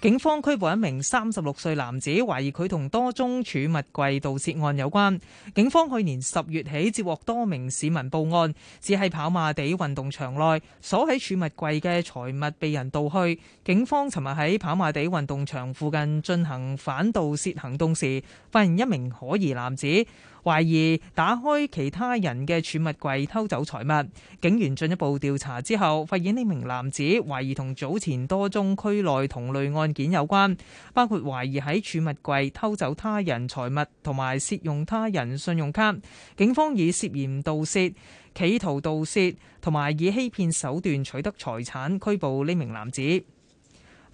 警方拘捕一名三十六歲男子，懷疑佢同多宗儲物櫃盜竊案有關。警方去年十月起接獲多名市民報案，指喺跑馬地運動場內鎖喺儲物櫃嘅財物被人盜去。警方尋日喺跑馬地運動場附近進行反盜竊行動時發現一名可疑男子。懷疑打開其他人嘅儲物櫃偷走財物，警員進一步調查之後，發現呢名男子懷疑同早前多宗區內同類案件有關，包括懷疑喺儲物櫃偷走他人財物，同埋竊用他人信用卡。警方以涉嫌盜竊、企圖盜竊同埋以欺騙手段取得財產拘捕呢名男子。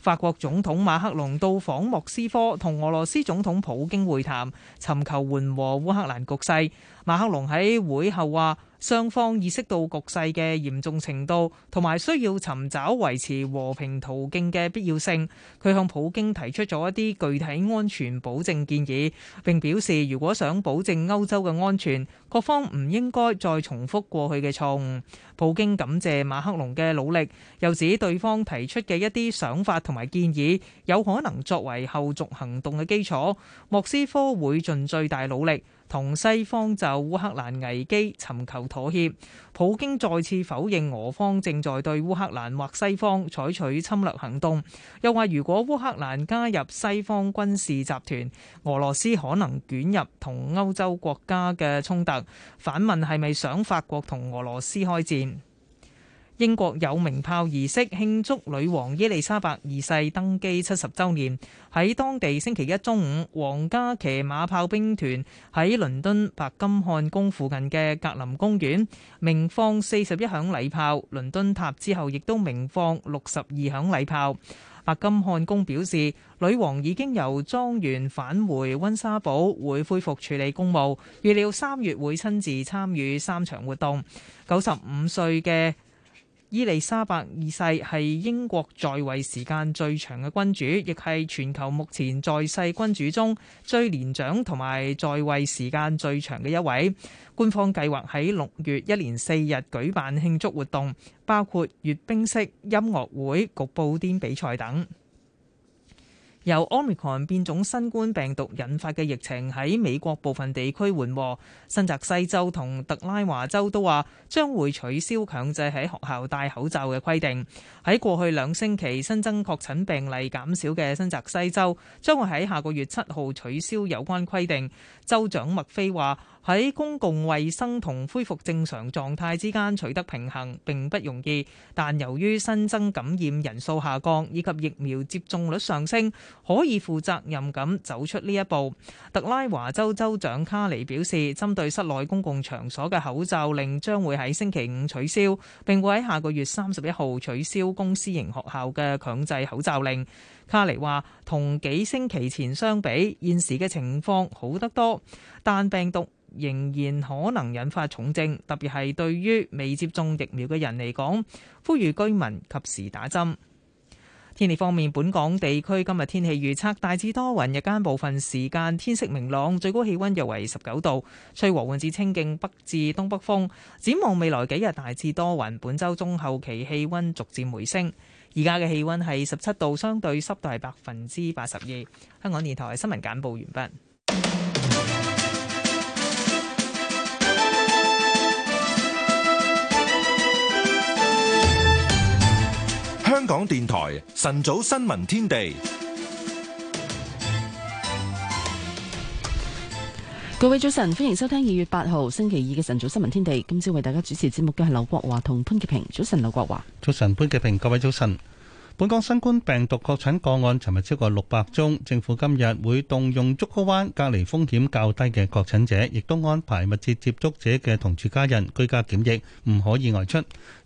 法國總統馬克龍到訪莫斯科同俄羅斯總統普京會談，尋求緩和烏克蘭局勢。馬克龍喺會後話。雙方意識到局勢嘅嚴重程度，同埋需要尋找維持和平途徑嘅必要性。佢向普京提出咗一啲具體安全保證建議，並表示如果想保證歐洲嘅安全，各方唔應該再重複過去嘅錯誤。普京感謝馬克龍嘅努力，又指對方提出嘅一啲想法同埋建議有可能作為後續行動嘅基礎。莫斯科會盡最大努力。同西方就烏克蘭危機尋求妥協，普京再次否認俄方正在對烏克蘭或西方採取侵略行動，又話如果烏克蘭加入西方軍事集團，俄羅斯可能捲入同歐洲國家嘅衝突，反問係咪想法國同俄羅斯開戰？英國有鳴炮儀式慶祝女王伊麗莎白二世登基七十週年，喺當地星期一中午，皇家騎馬炮兵團喺倫敦白金漢宮附近嘅格林公園鳴放四十一響禮炮。倫敦塔之後，亦都鳴放六十二響禮炮。白金漢宮表示，女王已經由莊園返回溫莎堡，會恢復處理公務，預料三月會親自參與三場活動。九十五歲嘅。伊莉莎白二世係英國在位時間最長嘅君主，亦係全球目前在世君主中最年長同埋在位時間最長嘅一位。官方計劃喺六月一連四日舉辦慶祝活動，包括閱兵式、音樂會、局布甸比賽等。由 Omicron 變種新冠病毒引發嘅疫情喺美國部分地區緩和，新澤西州同特拉華州都話將會取消強制喺學校戴口罩嘅規定。喺過去兩星期新增確診病例減少嘅新澤西州，將會喺下個月七號取消有關規定。州長麥菲話：喺公共衛生同恢復正常狀態之間取得平衡並不容易，但由於新增感染人數下降以及疫苗接種率上升，可以負責任咁走出呢一步。特拉華州州長卡尼表示，針對室內公共場所嘅口罩令將會喺星期五取消，並會喺下個月三十一號取消公私營學校嘅強制口罩令。卡尼話，同幾星期前相比，現時嘅情況好得多，但病毒仍然可能引發重症，特別係對於未接種疫苗嘅人嚟講，呼籲居民及時打針。天氣方面，本港地區今日天氣預測大致多雲，日間部分時間天色明朗，最高氣溫約為十九度，吹和緩至清勁北至東北風，展望未來幾日大致多雲，本週中後期氣溫逐漸回升。而家嘅氣溫係十七度，相對濕度係百分之八十二。香港電台新聞簡報完畢。香港電台晨早新聞天地，各位早晨，歡迎收聽二月八號星期二嘅晨早新聞天地。今朝為大家主持節目嘅係劉國華同潘潔平。早晨，劉國華。早晨，潘潔平。各位早晨。本港新冠病毒確診個案，尋日超過六百宗。政府今日會動用竹篙灣隔離風險較低嘅確診者，亦都安排密切接觸者嘅同住家人居家檢疫，唔可以外出。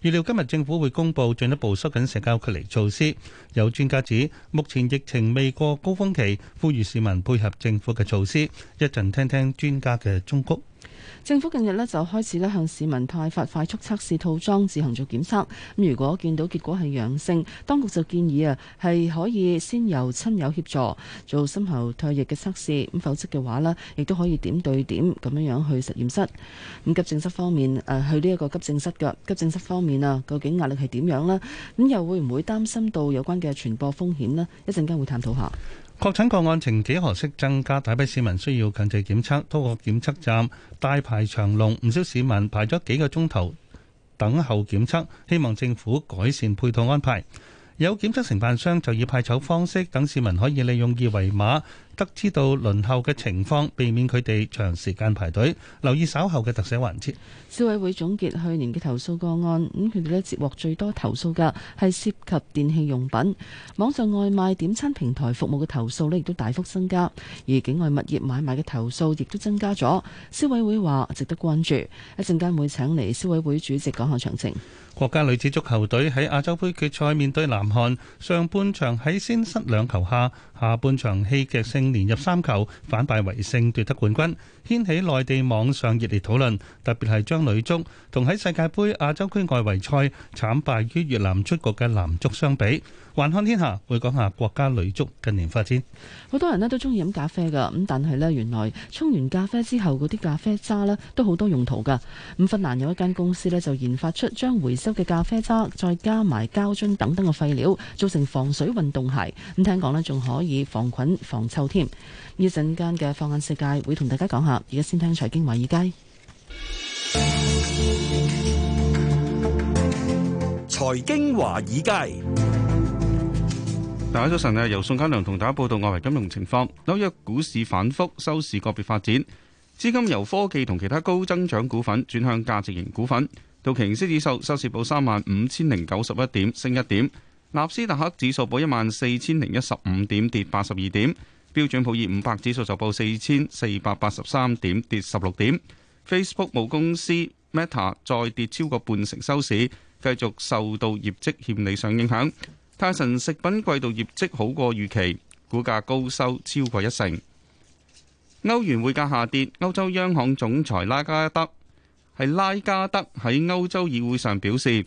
預料今日政府會公布進一步收緊社交距離措施。有專家指，目前疫情未過高峰期，呼籲市民配合政府嘅措施。一陣聽聽專家嘅忠告。政府近日呢，就開始呢向市民派發快速測試套裝自行做檢測。咁如果見到結果係陽性，當局就建議啊，係可以先由親友協助做深喉唾液嘅測試，咁否則嘅話咧，亦都可以點對點咁樣樣去實驗室。咁急症室方面，誒、啊，去呢一個急症室嘅急症室方面啊，究竟壓力係點樣咧？咁又會唔會擔心到有關嘅傳播風險咧？一陣間會探討下。確診個案呈幾何式增加，大批市民需要強制檢測，通過檢測站大排長龍，唔少市民排咗幾個鐘頭等候檢測，希望政府改善配套安排。有檢測承辦商就以派籌方式，等市民可以利用二維碼，得知到輪候嘅情況，避免佢哋長時間排隊。留意稍後嘅特寫環節。消委會總結去年嘅投訴個案，咁佢哋呢接獲最多投訴嘅係涉及電器用品、網上外賣點餐平台服務嘅投訴呢，亦都大幅增加。而境外物業買賣嘅投訴亦都增加咗。消委會話值得關注，一陣間會請嚟消委會主席講下詳情。國家女子足球隊喺亞洲盃決賽面對南韓，上半場喺先失兩球下。下半場戲劇性連入三球，反敗為勝奪得冠軍，掀起內地網上熱烈討論。特別係將女足同喺世界盃亞洲區外圍賽慘敗於越南出局嘅男足相比。環看天下會講下國家女足近年發展。好多人呢都中意飲咖啡㗎，咁但係呢，原來沖完咖啡之後嗰啲咖啡渣呢都好多用途㗎。咁芬蘭有一間公司呢，就研發出將回收嘅咖啡渣再加埋膠樽等等嘅廢料，做成防水運動鞋。咁聽講呢，仲可以以防菌防臭添，呢陣間嘅放眼世界會同大家講下。而家先聽財經華爾街，財經華爾街。大家早晨啊！由宋嘉良同大家報道外圍金融情況。紐約股市反覆收市個別發展，資金由科技同其他高增長股份轉向價值型股份。道瓊斯指數收市報三萬五千零九十一點，升一點。納斯達克指數報一萬四千零一十五點，跌八十二點；標準普爾五百指數就報四千四百八十三點，跌十六點。Facebook 母公司 Meta 再跌超過半成收市，繼續受到業績欠理想影響。泰臣食品季度業績好過預期，股價高收超過一成。歐元匯價下跌，歐洲央行總裁拉加德係拉加德喺歐洲議會上表示。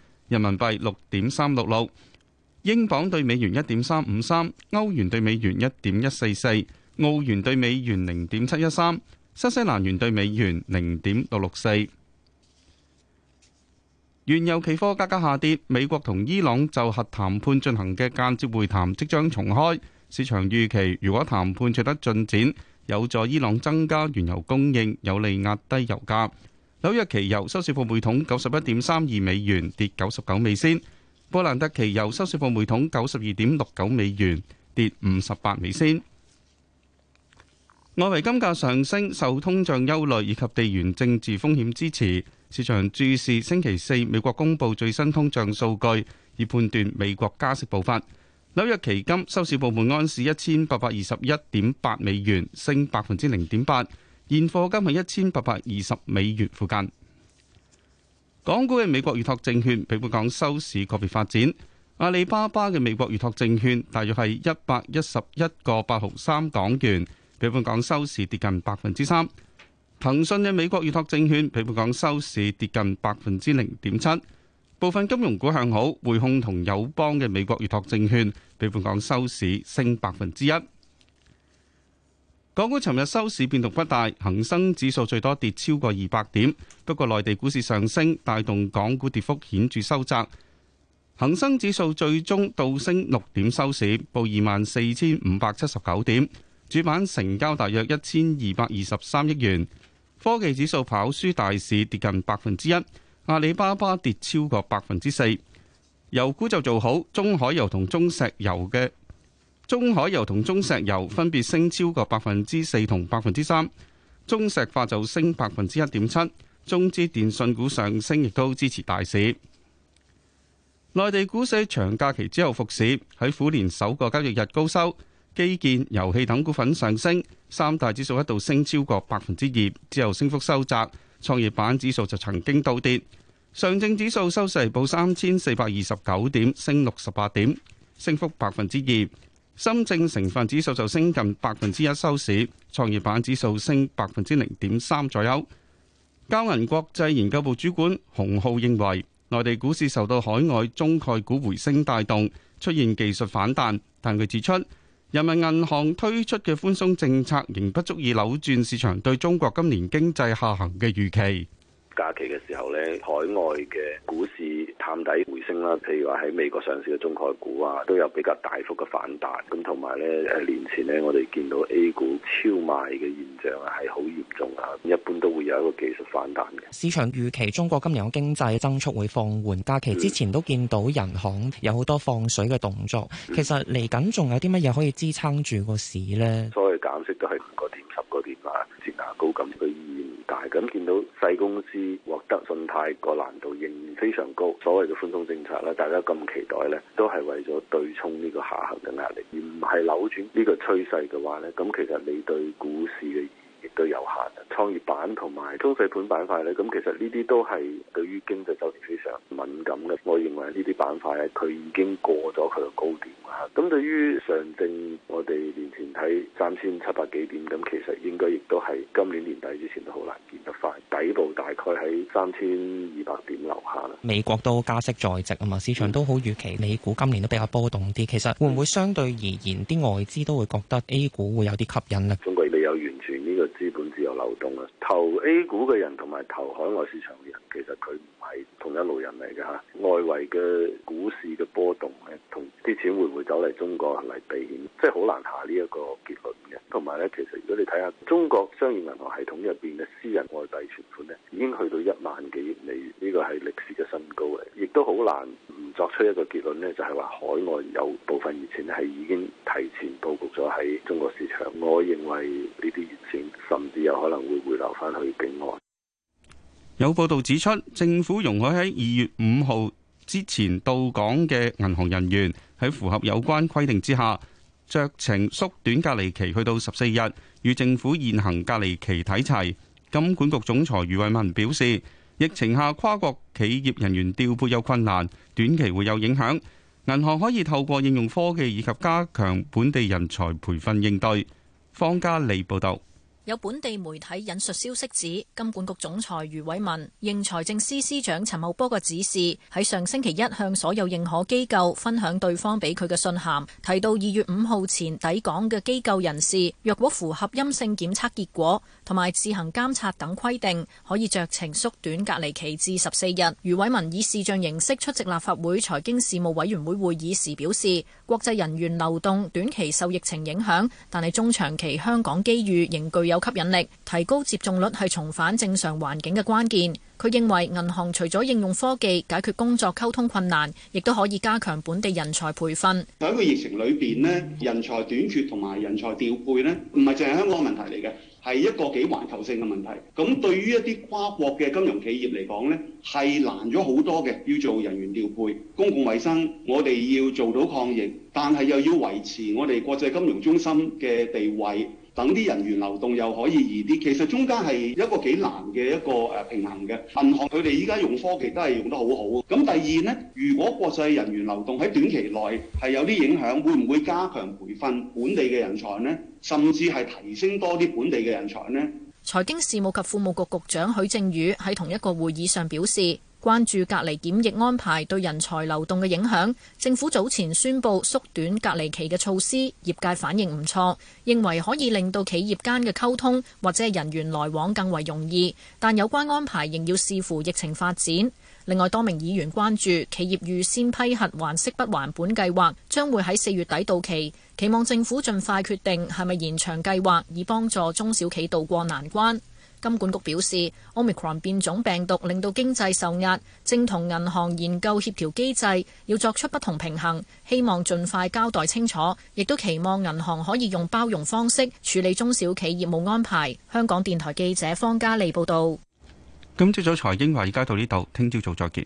人民幣六點三六六，英鎊對美元一點三五三，歐元對美元一點一四四，澳元對美元零點七一三，新西蘭元對美元零點六六四。原油期貨價格下跌，美國同伊朗就核談判進行嘅間接會談即將重開，市場預期如果談判取得進展，有助伊朗增加原油供應，有利壓低油價。紐約期油收市報每桶九十一點三二美元，跌九十九美仙。波蘭特期油收市報每桶九十二點六九美元，跌五十八美仙。外圍金價上升，受通脹憂慮以及地緣政治風險支持。市場注視星期四美國公布最新通脹數據，以判斷美國加息步伐。紐約期金收市報每安士一千八百二十一點八美元，升百分之零點八。現貨金係一千八百二十美元附近。港股嘅美國預託證券，比本港收市個別發展。阿里巴巴嘅美國預託證券大約係一百一十一個八毫三港元，比本港收市跌近百分之三。騰訊嘅美國預託證券，比本港收市跌近百分之零點七。部分金融股向好，匯控同友邦嘅美國預託證券，比本港收市升百分之一。港股尋日收市變動不大，恒生指數最多跌超過二百點。不過內地股市上升，帶動港股跌幅顯著收窄。恒生指數最終倒升六點收市，報二萬四千五百七十九點。主板成交大約一千二百二十三億元。科技指數跑輸大市，跌近百分之一。阿里巴巴跌超過百分之四。油股就做好，中海油同中石油嘅。中海油同中石油分別升超過百分之四同百分之三，中石化就升百分之一點七。中資電信股上升亦都支持大市。內地股市長假期之後復市，喺虎年首個交易日高收，基建、油氣等股份上升，三大指數一度升超過百分之二，之後升幅收窄。創業板指數就曾經倒跌，上證指數收市報三千四百二十九點，升六十八點，升幅百分之二。深證成分指數就升近百分之一收市，創業板指數升百分之零點三左右。交銀國際研究部主管洪浩認為，內地股市受到海外中概股回升帶動，出現技術反彈。但佢指出，人民銀行推出嘅寬鬆政策仍不足以扭轉市場對中國今年經濟下行嘅預期。假期嘅時候咧，海外嘅股市探底回升啦，譬如話喺美國上市嘅中概股啊，都有比較大幅嘅反彈。咁同埋咧誒，年前咧，我哋見到 A 股超賣嘅現象係好嚴重啊，一般都會有一個技術反彈嘅。市場預期中國今年嘅經濟增速會放緩，假期之前都見到人行有好多放水嘅動作。嗯、其實嚟緊仲有啲乜嘢可以支撐住個市呢？所謂減息都係。跌啊，折下高咁，佢意義唔大。咁見到細公司獲得信貸個難度仍然非常高。所謂嘅寬鬆政策咧，大家咁期待咧，都係為咗對沖呢個下行嘅壓力，而唔係扭轉呢個趨勢嘅話咧，咁其實你對股市嘅意義亦都有限嘅。創業板同埋中小盤板塊咧，咁其實呢啲都係對於經濟走。敏感嘅，我認為呢啲板塊，咧，佢已經過咗佢嘅高點啦。咁對於上證，我哋年前睇三千七百幾點，咁其實應該亦都係今年年底之前都好難見得快，底部大概喺三千二百點樓下啦。美國都加息在即，啊嘛，市場都好預期，美股今年都比較波動啲。其實會唔會相對而言，啲外資都會覺得 A 股會有啲吸引呢？中國未有完全呢個資本自由流動啊，投 A 股嘅人同埋投海外市場嘅人，其實佢。一路人嚟嘅嚇，外圍嘅股市嘅波動，誒同啲錢會唔會走嚟中國嚟避險，即係好難下呢一個結論嘅。同埋咧，其實如果你睇下中國商業銀行系統入邊嘅私人外幣存款咧，已經去到一萬幾億美元，呢個係歷史嘅新高嚟，亦都好難唔作出一個結論咧，就係話海外有部分熱錢係已經提前布局咗喺中國市場，我認為呢啲熱錢甚至有可能會回流翻去境外。有報道指出，政府容許喺二月五號之前到港嘅銀行人員喺符合有關規定之下，酌情縮短隔離期去到十四日，與政府現行隔離期睇齊。金管局總裁余偉文表示，疫情下跨國企業人員調配有困難，短期會有影響。銀行可以透過應用科技以及加強本地人才培訓應對。方家利報道。有本地媒體引述消息指，金管局總裁余偉文應財政司司長陳茂波嘅指示，喺上星期一向所有認可機構分享對方俾佢嘅信函，提到二月五號前抵港嘅機構人士，若果符合陰性檢測結果同埋自行監察等規定，可以酌情縮短隔離期至十四日。余偉文以視像形式出席立法會財經事務委員會會議時表示，國際人員流動短期受疫情影響，但係中長期香港機遇仍具有吸引力，提高接種率係重返正常環境嘅關鍵。佢認為銀行除咗應用科技解決工作溝通困難，亦都可以加強本地人才培訓。喺個疫情裏邊咧，人才短缺同埋人才調配咧，唔係淨係香港問題嚟嘅，係一個幾環球性嘅問題。咁對於一啲跨國嘅金融企業嚟講咧，係難咗好多嘅，要做人員調配。公共衛生，我哋要做到抗疫，但係又要維持我哋國際金融中心嘅地位。等啲人員流動又可以易啲，其實中間係一個幾難嘅一個誒平衡嘅。銀行佢哋依家用科技都係用得好好。咁第二呢，如果國際人員流動喺短期內係有啲影響，會唔會加強培訓本地嘅人才呢？甚至係提升多啲本地嘅人才呢？財經事務及庫務局局長許正宇喺同一個會議上表示。關注隔離檢疫安排對人才流動嘅影響，政府早前宣佈縮短隔離期嘅措施，業界反應唔錯，認為可以令到企業間嘅溝通或者係人員來往更為容易。但有關安排仍要視乎疫情發展。另外，多名議員關注企業預先批核還息不還本計劃將會喺四月底到期，期望政府盡快決定係咪延長計劃，以幫助中小企渡過難關。金管局表示，Omicron 變種病毒令到經濟受壓，正同銀行研究協調機制，要作出不同平衡，希望盡快交代清楚，亦都期望銀行可以用包容方式處理中小企業務安排。香港電台記者方嘉利報道。今朝早財經話已經到呢度，聽朝早再見。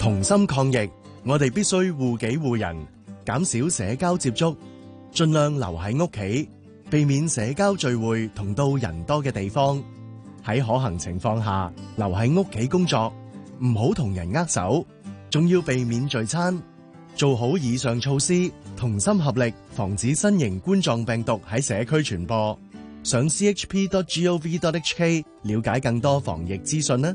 同心抗疫，我哋必須護己護人，減少社交接觸，盡量留喺屋企，避免社交聚會同到人多嘅地方。喺可行情況下，留喺屋企工作，唔好同人握手，仲要避免聚餐。做好以上措施，同心合力，防止新型冠狀病毒喺社區傳播。上 c h p g o v d h kchp.gov.hk 了解更多防疫資訊啦。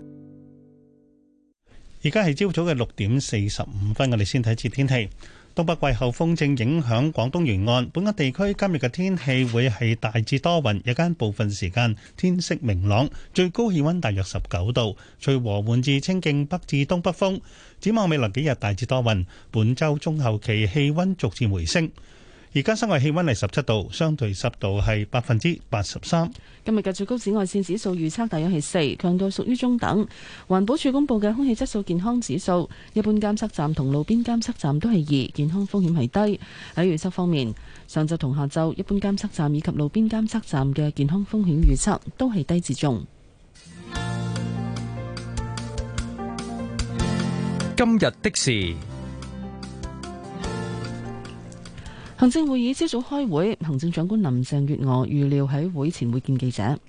而家係朝早嘅六點四十五分，我哋先睇次天氣。東北季候風正影響廣東沿岸，本港地區今日嘅天氣會係大致多雲，日間部分時間天色明朗，最高氣溫大約十九度，隨和緩至清勁北至東北風。展望未來幾日大致多雲，本周中後期氣溫逐漸回升。而家室外氣溫係十七度，相對濕度係百分之八十三。今日嘅最高紫外線指數預測大約係四，強度屬於中等。環保署公布嘅空氣質素健康指數，一般監測站同路邊監測站都係二，健康風險係低。喺預測方面，上晝同下晝一般監測站以及路邊監測站嘅健康風險預測都係低至中。今日的事。行政會議朝早開會，行政長官林鄭月娥預料喺會前會見記者。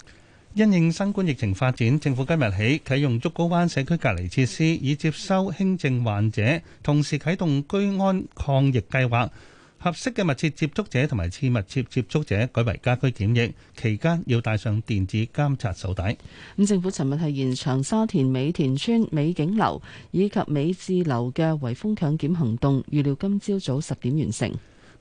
因應新冠疫情發展，政府今日起啟用竹篙灣社區隔離設施，以接收輕症患者，同時啟動居安抗疫計劃。合適嘅密切接觸者同埋次密切接觸者改為家居檢疫，期間要戴上電子監察手帶。咁，政府尋日係延長沙田美田村美景樓以及美智樓嘅圍封強檢行動，預料今朝早十點完成。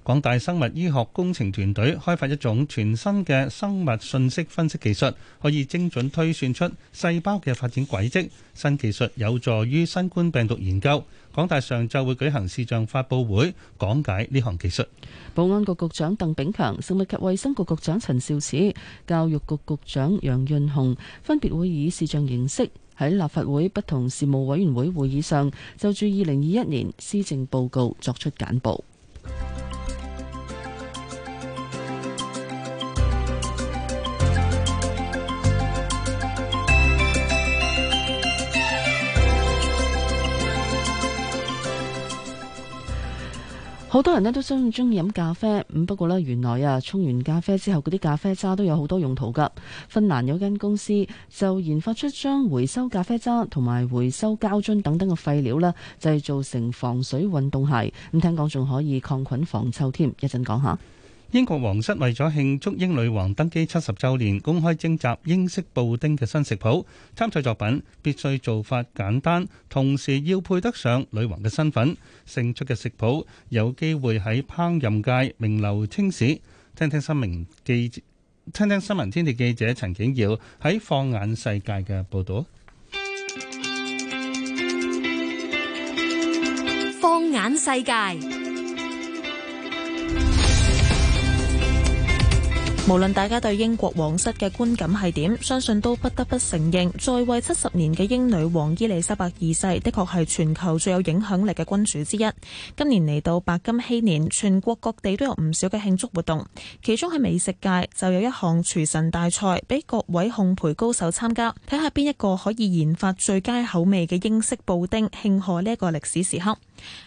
港大生物醫學工程團隊開發一種全新嘅生物信息分析技術，可以精準推算出細胞嘅發展軌跡。新技術有助於新冠病毒研究。港大上晝會舉行視像發佈會，講解呢項技術。保安局局長鄧炳強、食物及衛生局局長陳肇始、教育局局長楊潤雄分別會以視像形式喺立法會不同事務委員會會議上，就住二零二一年施政報告作出簡報。好多人呢都咁中意飲咖啡，咁不過呢，原來啊沖完咖啡之後嗰啲咖啡渣都有好多用途噶。芬蘭有間公司就研發出將回收咖啡渣同埋回收膠樽等等嘅廢料呢，製造成防水運動鞋，咁聽講仲可以抗菌防臭添，講一陣講下。英國皇室為咗慶祝英女王登基七十周年，公開徵集英式布丁嘅新食譜。參賽作品必須做法簡單，同時要配得上女王嘅身份。勝出嘅食譜有機會喺烹飪界名留青史。聽聽新聞記者，聽聽新聞天地記者陳景耀喺放眼世界嘅報道。放眼世界。無論大家對英國皇室嘅觀感係點，相信都不得不承認，在位七十年嘅英女王伊麗莎白二世的確係全球最有影響力嘅君主之一。今年嚟到白金禧年，全國各地都有唔少嘅慶祝活動，其中喺美食界就有一項廚神大賽，俾各位烘焙高手參加，睇下邊一個可以研發最佳口味嘅英式布丁，慶賀呢一個歷史時刻。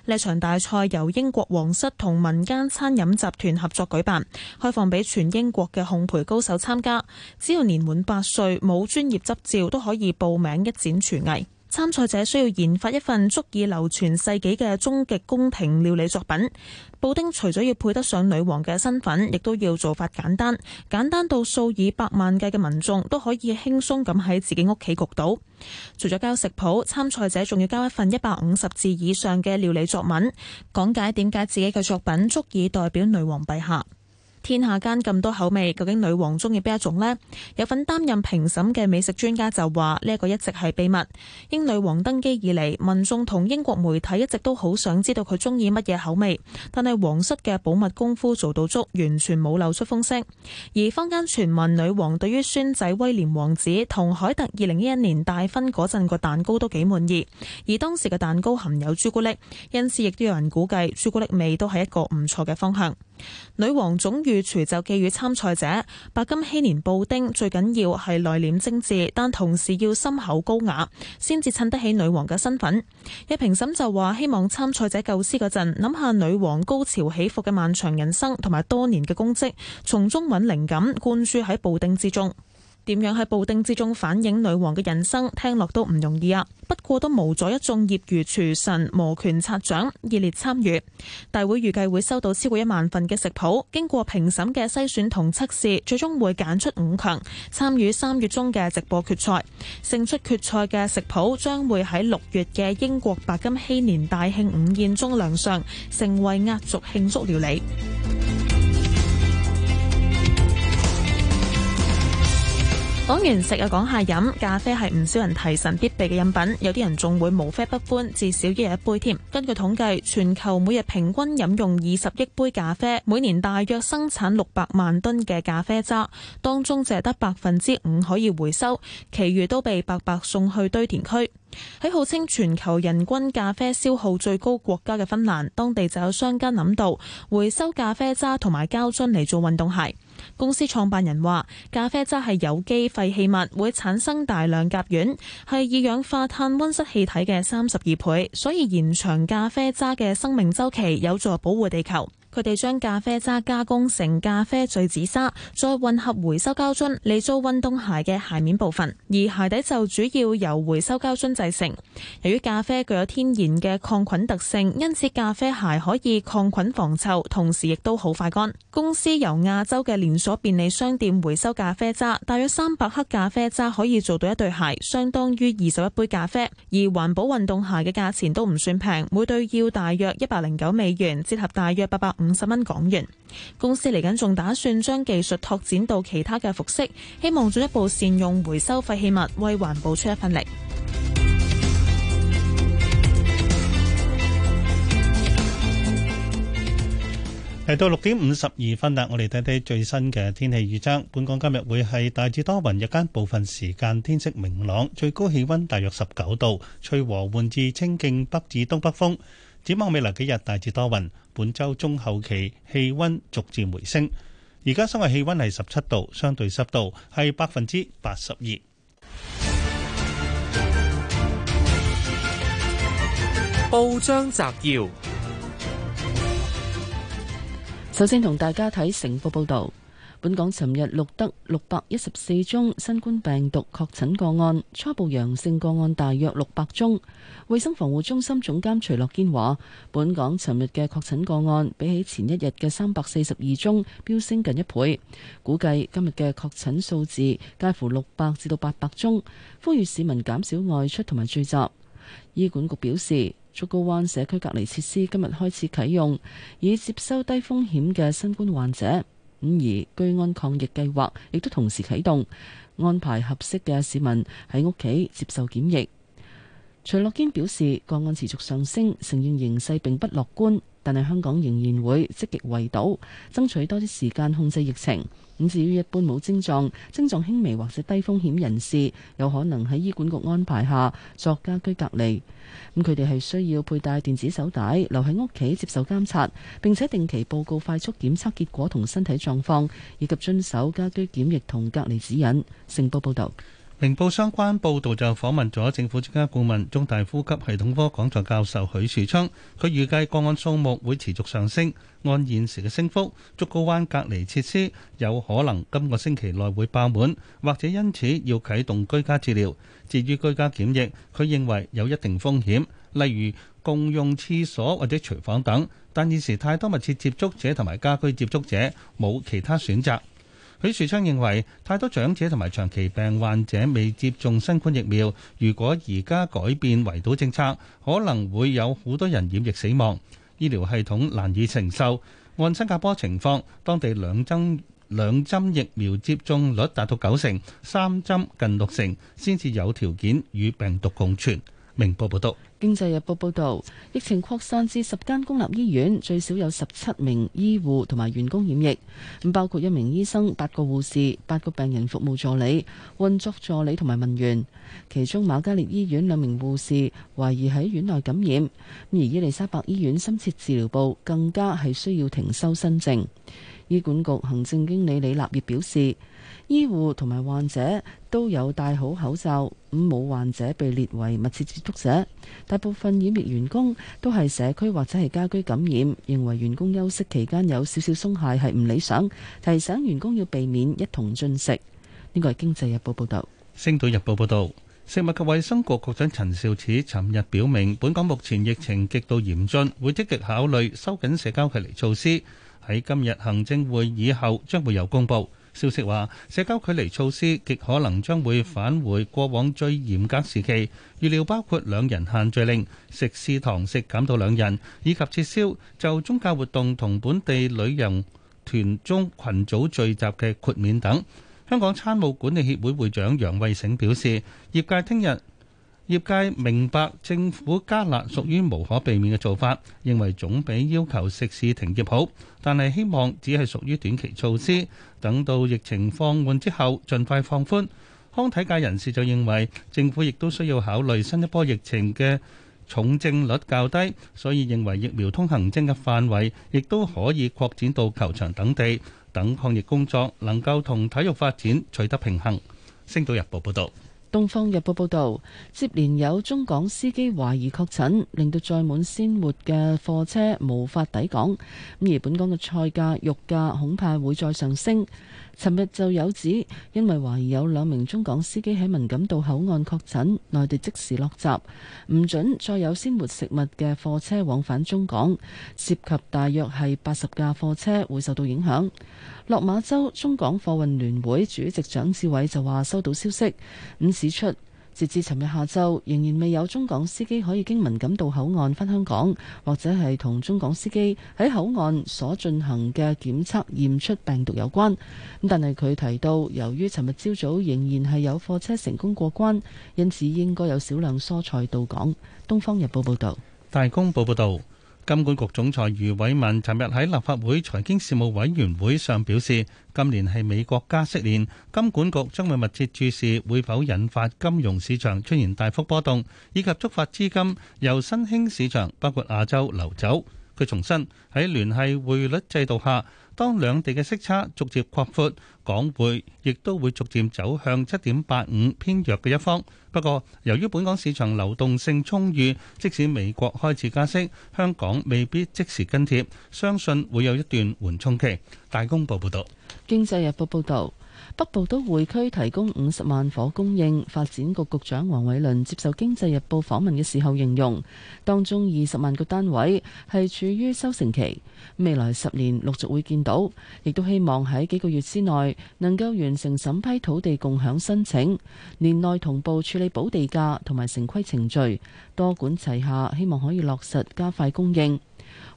呢場大賽由英國皇室同民間餐飲集團合作舉辦，開放俾全英國嘅烘焙高手參加。只要年滿八歲，冇專業執照都可以報名一展廚藝。參賽者需要研發一份足以流傳世紀嘅終極宮廷料理作品。布丁除咗要配得上女王嘅身份，亦都要做法簡單，簡單到數以百萬計嘅民眾都可以輕鬆咁喺自己屋企焗到。除咗交食譜，參賽者仲要交一份一百五十字以上嘅料理作文，講解點解自己嘅作品足以代表女王陛下。天下間咁多口味，究竟女王中意邊一種呢？有份擔任評審嘅美食專家就話呢一個一直係秘密。英女王登基以嚟，民眾同英國媒體一直都好想知道佢中意乜嘢口味，但係皇室嘅保密功夫做到足，完全冇漏出風聲。而坊間傳聞，女王對於孫仔威廉王子同凱特二零一一年大婚嗰陣個蛋糕都幾滿意，而當時嘅蛋糕含有朱古力，因此亦都有人估計朱古力味都係一個唔錯嘅方向。女王總御廚就寄予參賽者：白金禧年布丁最緊要係內斂精致，但同時要深厚高雅，先至襯得起女王嘅身份。一評審就話希望參賽者構思嗰陣諗下女王高潮起伏嘅漫長人生同埋多年嘅功績，從中揾靈感，灌注喺布丁之中。點樣喺布丁之中反映女王嘅人生，聽落都唔容易啊！不過都無咗一眾業餘廚神，摩拳擦掌，熱烈參與。大會預計會收到超過一萬份嘅食譜，經過評審嘅篩選同測試，最終會揀出五強參與三月中嘅直播決賽。勝出決賽嘅食譜將會喺六月嘅英國白金禧年大慶午宴中亮相，成為壓軸慶祝料理。講完食又講下飲，咖啡係唔少人提神必備嘅飲品，有啲人仲會無啡不歡，至少一日一杯添。根據統計，全球每日平均飲用二十億杯咖啡，每年大約生產六百萬噸嘅咖啡渣，當中淨係得百分之五可以回收，其餘都被白白送去堆填區。喺號稱全球人均咖啡消耗最高國家嘅芬蘭，當地就有商家諗到回收咖啡渣同埋膠樽嚟做運動鞋。公司創辦人話：咖啡渣係有機廢棄物，會產生大量甲烷，係二氧化碳溫室氣體嘅三十二倍，所以延長咖啡渣嘅生命周期有助保護地球。佢哋將咖啡渣加工成咖啡聚紙砂，再混合回收膠樽嚟做運動鞋嘅鞋面部分，而鞋底就主要由回收膠樽製成。由於咖啡具有天然嘅抗菌特性，因此咖啡鞋可以抗菌防臭，同時亦都好快乾。公司由亞洲嘅連鎖便利商店回收咖啡渣，大約三百克咖啡渣可以做到一對鞋，相當於二十一杯咖啡。而環保運動鞋嘅價錢都唔算平，每對要大約一百零九美元，折合大約八百五十蚊港元。公司嚟緊仲打算將技術拓展到其他嘅服飾，希望進一步善用回收廢棄物，為環保出一份力。嚟到六點五十二分啦，我哋睇睇最新嘅天氣預測。本港今日會係大致多雲，日間部分時間天色明朗，最高氣溫大約十九度，吹和緩至清勁北至東北風。展望未來幾日，大致多雲。本周中後期氣溫逐漸回升，而家室外氣溫係十七度，相對濕度係百分之八十二。報章摘要，首先同大家睇成報報道。本港尋日錄得六百一十四宗新冠病毒確診個案，初步陽性個案大約六百宗。衛生防護中心總監徐樂堅話，本港尋日嘅確診個案比起前一日嘅三百四十二宗，飆升近一倍。估計今日嘅確診數字介乎六百至到八百宗，呼籲市民減少外出同埋聚集。醫管局表示，竹篙灣社區隔離設施今日開始啟用，以接收低風險嘅新冠患者。咁而居安抗疫計劃亦都同時啟動，安排合適嘅市民喺屋企接受檢疫。徐樂堅表示，個案持續上升，承認形勢並不樂觀。但係香港仍然會積極圍堵，爭取多啲時間控制疫情。咁至於一般冇症狀、症狀輕微或者低風險人士，有可能喺醫管局安排下作家居隔離。咁佢哋係需要佩戴電子手帶，留喺屋企接受監察，並且定期報告快速檢測結果同身體狀況，以及遵守家居檢疫同隔離指引。成報報道。明報相關報導就訪問咗政府專家顧問、中大呼吸系統科講座教授許樹昌，佢預計個案數目會持續上升，按現時嘅升幅，竹篙灣隔離設施有可能今個星期內會爆滿，或者因此要啟動居家治療。至於居家檢疫，佢認為有一定風險，例如共用廁所或者廚房等，但現時太多密切接觸者同埋家居接觸者，冇其他選擇。許樹昌認為，太多長者同埋長期病患者未接種新冠疫苗，如果而家改變圍堵政策，可能會有好多人染疫死亡，醫療系統難以承受。按新加坡情況，當地兩針，兩針疫苗接種率達到九成，三針近六成，先至有條件與病毒共存。明報報道：《經濟日報》報導，疫情擴散至十間公立醫院，最少有十七名醫護同埋員工染疫，咁包括一名醫生、八個護士、八個病人服務助理、運作助理同埋文員。其中瑪嘉烈醫院兩名護士懷疑喺院內感染，而伊利沙伯醫院深切治療部更加係需要停收新症。醫管局行政經理李立業表示，醫護同埋患者都有戴好口罩，咁冇患者被列為密切接觸者。大部分染疫員工都係社區或者係家居感染，認為員工休息期間有少少鬆懈係唔理想，提醒員工要避免一同進食。呢個係《經濟日報》報道，《星島日報》報道，食物及衛生局局長陳肇始尋日表明，本港目前疫情極度嚴峻，會積極考慮收緊社交距離措施。喺今日行政會議後將會有公佈消息，話社交距離措施極可能將會返回過往最嚴格時期，預料包括兩人限聚令、食肆堂食減到兩人，以及撤銷就宗教活動同本地旅遊團中群組聚集嘅豁免等。香港餐務管理協會會長楊位醒表示，業界聽日。業界明白政府加辣屬於無可避免嘅做法，認為總比要求食肆停業好，但係希望只係屬於短期措施，等到疫情放緩之後，盡快放寬。康體界人士就認為，政府亦都需要考慮新一波疫情嘅重症率較低，所以認為疫苗通行證嘅範圍亦都可以擴展到球場等地，等抗疫工作能夠同體育發展取得平衡。星島日報報導。《東方日報》報導，接連有中港司機懷疑確診，令到載滿鮮活嘅貨車無法抵港，咁而本港嘅菜價、肉價恐怕會再上升。尋日就有指，因為懷疑有兩名中港司機喺文錦渡口岸確診，內地即時落閘，唔准再有鮮活食物嘅貨車往返中港，涉及大約係八十架貨車會受到影響。落馬洲中港貨運聯會主席蔣志偉就話收到消息，咁指出。截至尋日下晝，仍然未有中港司機可以經文錦渡口岸返香港，或者係同中港司機喺口岸所進行嘅檢測驗出病毒有關。但係佢提到，由於尋日朝早仍然係有貨車成功過關，因此應該有少量蔬菜到港。《東方日報,報》報道。《大公報》報導。金管局總裁余偉文尋日喺立法會財經事務委員會上表示，今年係美國加息年，金管局將會密切注視會否引發金融市場出現大幅波動，以及觸發資金由新興市場包括亞洲流走。佢重申，喺聯繫匯率制度下，當兩地嘅息差逐漸擴闊，港匯亦都會逐漸走向七點八五偏弱嘅一方。不過，由於本港市場流動性充裕，即使美國開始加息，香港未必即時跟貼，相信會有一段緩衝期。大公報報道。經濟日報報道，北部都會區提供五十萬伙供應。發展局局長黃偉綸接受經濟日報訪問嘅時候，形容當中二十萬個單位係處於收成期，未來十年陸續會見到，亦都希望喺幾個月之內能夠完成審批土地共享申請，年內同步處理補地價同埋城規程序，多管齊下，希望可以落實加快供應。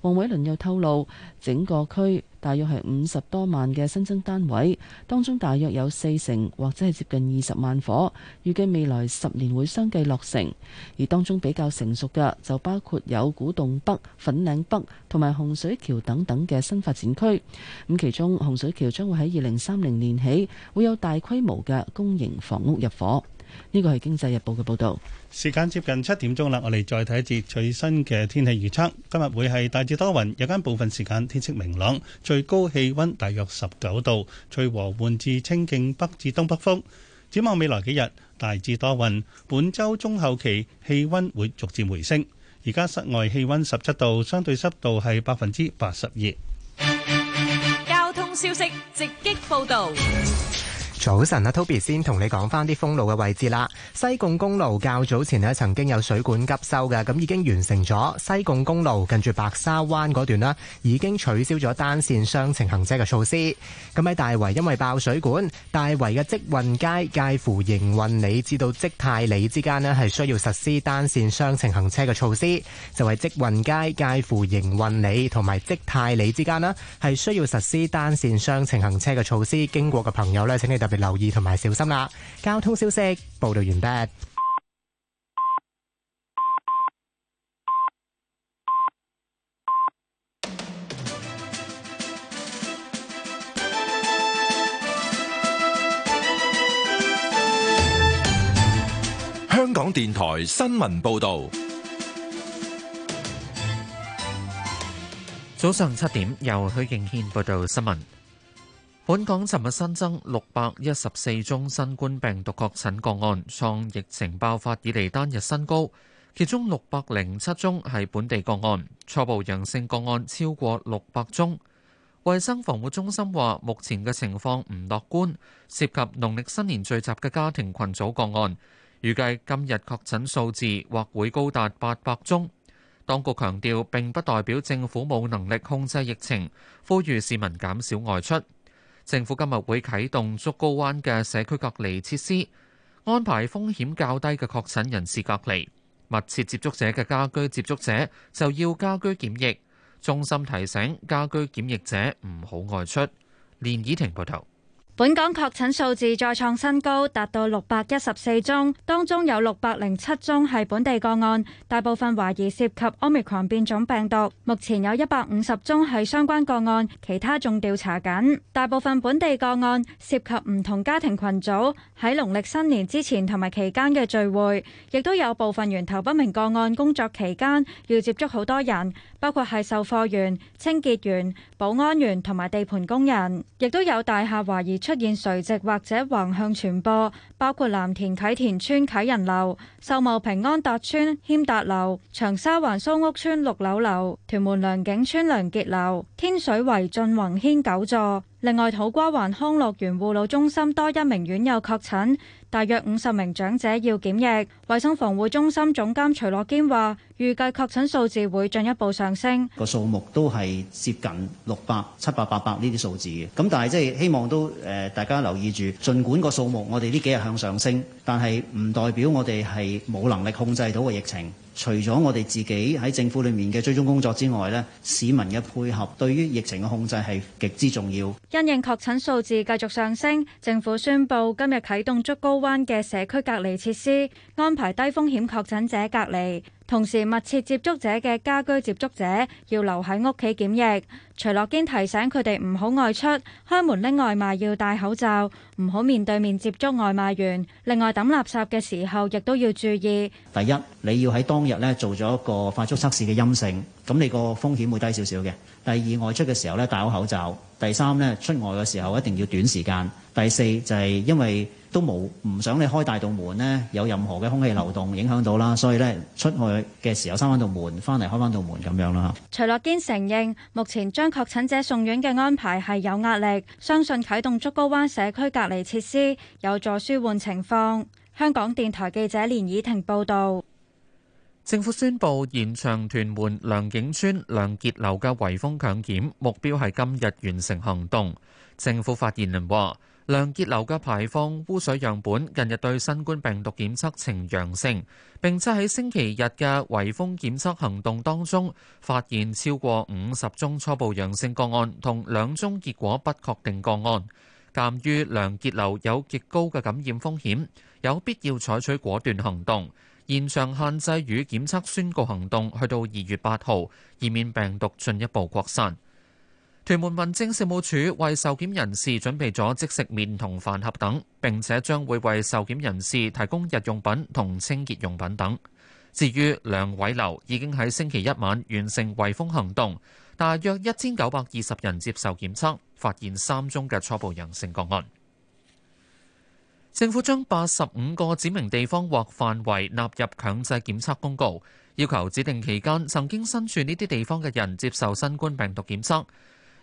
黃偉綸又透露，整個區。大約係五十多萬嘅新增單位，當中大約有四成或者係接近二十萬伙，預計未來十年會相繼落成。而當中比較成熟嘅就包括有古洞北、粉嶺北同埋洪水橋等等嘅新發展區。咁其中洪水橋將會喺二零三零年起會有大規模嘅公營房屋入伙。呢個係《經濟日報》嘅報道。時間接近七點鐘啦，我哋再睇一節最新嘅天氣預測。今日會係大致多雲，有間部分時間天色明朗，最高氣溫大約十九度，吹和緩至清勁北至東北風。展望未來幾日，大致多雲。本周中後期氣溫會逐漸回升。而家室外氣溫十七度，相對濕度係百分之八十二。交通消息直擊報道。早晨啊，Toby 先同你講翻啲封路嘅位置啦。西貢公路較早前咧曾經有水管急修嘅，咁已經完成咗。西貢公路近住白沙灣嗰段啦，已經取消咗單線雙程行車嘅措施。咁喺大圍因為爆水管，大圍嘅積運街介乎盈運里至到積泰里之間咧，係需要實施單線雙程行車嘅措施。就係積運街介乎盈運里同埋積泰里之間啦，係需要實施單線雙程行車嘅措施。經過嘅朋友咧，請你特留意同埋小心喇！交通消息報道完畢。香港電台新聞報道，早上七點由許敬軒報道新聞。本港尋日新增六百一十四宗新冠病毒確診個案，創疫情爆發以嚟單日新高。其中六百零七宗係本地個案，初步陽性個案超過六百宗。衛生防護中心話，目前嘅情況唔樂觀，涉及農曆新年聚集嘅家庭群組個案，預計今日確診數字或會高達八百宗。當局強調，並不代表政府冇能力控制疫情，呼籲市民減少外出。政府今日會啟動竹篙灣嘅社區隔離設施，安排風險較低嘅確診人士隔離。密切接觸者嘅家居接觸者就要家居檢疫。中心提醒家居檢疫者唔好外出。連綺婷報道。本港確診數字再創新高，達到六百一十四宗，當中有六百零七宗係本地個案，大部分懷疑涉及 Omicron 變種病毒。目前有一百五十宗係相關個案，其他仲調查緊。大部分本地個案涉及唔同家庭群組喺農曆新年之前同埋期間嘅聚會，亦都有部分源頭不明個案。工作期間要接觸好多人，包括係售貨員、清潔員、保安員同埋地盤工人，亦都有大廈懷疑出出現垂直或者橫向傳播，包括藍田啟田村啟仁樓、秀茂平安達邨謙達樓、長沙灣蘇屋邨六樓樓、屯門良景邨良傑樓、天水圍俊宏軒九座。另外，土瓜灣康樂園護老中心多一名院友確診。大約五十名長者要檢疫，衛生防護中心總監徐樂堅話，預計確診數字會進一步上升。個數目都係接近六百、七百、八百呢啲數字嘅，咁但係即係希望都誒、呃，大家留意住，盡管個數目我哋呢幾日向上升，但係唔代表我哋係冇能力控制到個疫情。除咗我哋自己喺政府裏面嘅追蹤工作之外呢，市民嘅配合對於疫情嘅控制係極之重要。因應確診數字繼續上升，政府宣布今日啟動竹篙灣嘅社區隔離設施，安排低風險確診者隔離。同時密切接觸者嘅家居接觸者要留喺屋企檢疫，徐樂堅提醒佢哋唔好外出，開門拎外賣要戴口罩，唔好面對面接觸外賣員，另外抌垃圾嘅時候亦都要注意。第一，你要喺當日做咗一個快速測試嘅陰性，咁你個風險會低少少嘅。第二，外出嘅時候戴好口罩。第三，出外嘅時候一定要短時間。第四，就係因為都冇唔想你開大度門呢有任何嘅空氣流動影響到啦，所以咧出去嘅時候閂翻度門翻嚟開翻度門咁樣啦。徐樂堅承認目前將確診者送院嘅安排係有壓力，相信啟動竹篙灣社區隔離設施有助舒緩情況。香港電台記者連倚婷報道，政府宣布延長屯門良景邨良傑樓嘅圍封強檢目標係今日完成行動，政府發言人話。亮傑樓嘅排放污水樣本近日對新冠病毒檢測呈陽性，並且喺星期日嘅圍封檢測行動當中，發現超過五十宗初步陽性個案同兩宗結果不確定個案。鑒於亮傑樓有極高嘅感染風險，有必要採取果斷行動，延長限制與檢測宣告行動去到二月八號，以免病毒進一步擴散。屯門民政事務處為受檢人士準備咗即食麵同飯盒等，並且將會為受檢人士提供日用品同清潔用品等。至於良偉樓，已經喺星期一晚完成圍封行動，大約一千九百二十人接受檢測，發現三宗嘅初步陽性個案。政府將八十五個指明地方或範圍納入強制檢測公告，要求指定期間曾經身處呢啲地方嘅人接受新冠病毒檢測。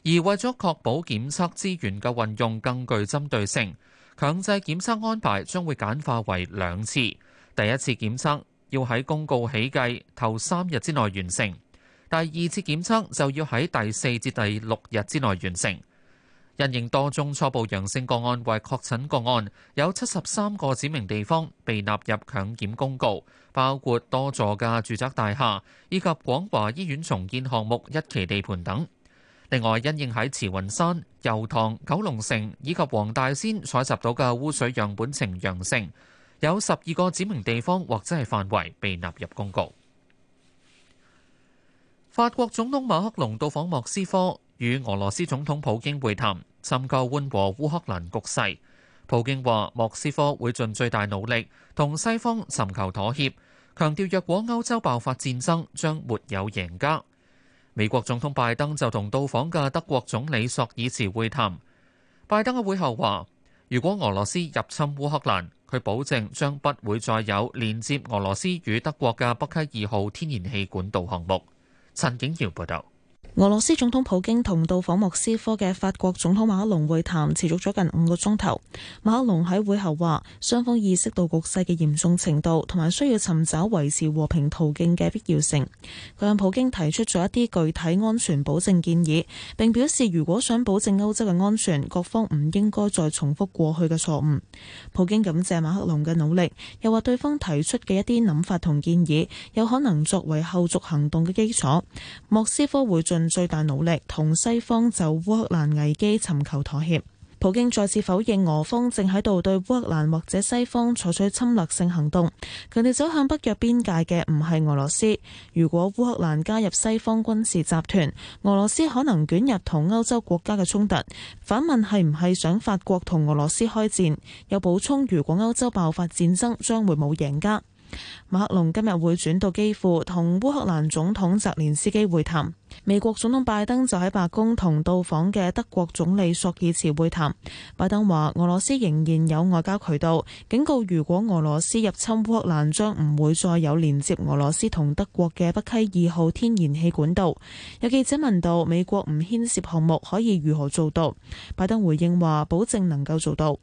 而為咗確保檢測資源嘅運用更具針對性，強制檢測安排將會簡化為兩次。第一次檢測要喺公告起計頭三日之內完成，第二次檢測就要喺第四至第六日之內完成。因應多宗初步陽性個案為確診個案，有七十三個指明地方被納入強檢公告，包括多座嘅住宅大廈以及廣華醫院重建項目一期地盤等。另外，因應喺慈雲山、油塘、九龍城以及黃大仙採集到嘅污水樣本呈陽性，有十二個指明地方或者係範圍被納入公告。法國總統馬克龍到訪莫斯科，與俄羅斯總統普京會談，深究緩和烏克蘭局勢。普京話莫斯科會盡最大努力同西方尋求妥協，強調若果歐洲爆發戰爭，將沒有贏家。美國總統拜登就同到訪嘅德國總理索爾茨會談。拜登喺會後話，如果俄羅斯入侵烏克蘭，佢保證將不會再有連接俄羅斯與德國嘅北溪二號天然氣管道項目。陳景堯報道。俄羅斯總統普京同到訪莫斯科嘅法國總統馬克龍會談持續咗近五個鐘頭。馬克龍喺會後話，雙方意識到局勢嘅嚴重程度同埋需要尋找維持和平途徑嘅必要性。佢向普京提出咗一啲具體安全保證建議，並表示如果想保證歐洲嘅安全，各方唔應該再重複過去嘅錯誤。普京感謝馬克龍嘅努力，又話對方提出嘅一啲諗法同建議有可能作為後續行動嘅基礎。莫斯科會進。盡最大努力同西方就烏克蘭危機尋求妥協。普京再次否認俄方正喺度對烏克蘭或者西方採取侵略性行動，佢哋走向北約邊界嘅唔係俄羅斯。如果烏克蘭加入西方軍事集團，俄羅斯可能捲入同歐洲國家嘅衝突。反問係唔係想法國同俄羅斯開戰？又補充，如果歐洲爆發戰爭，將會冇贏家。馬克龍今日會轉到基輔同烏克蘭總統澤連斯基會談。美國總統拜登就喺白宮同到訪嘅德國總理索爾茨會談。拜登話俄羅斯仍然有外交渠道，警告，如果俄羅斯入侵烏克蘭，將唔會再有連接俄羅斯同德國嘅北溪二號天然氣管道。有記者問到美國唔牽涉項目可以如何做到，拜登回應話保證能夠做到。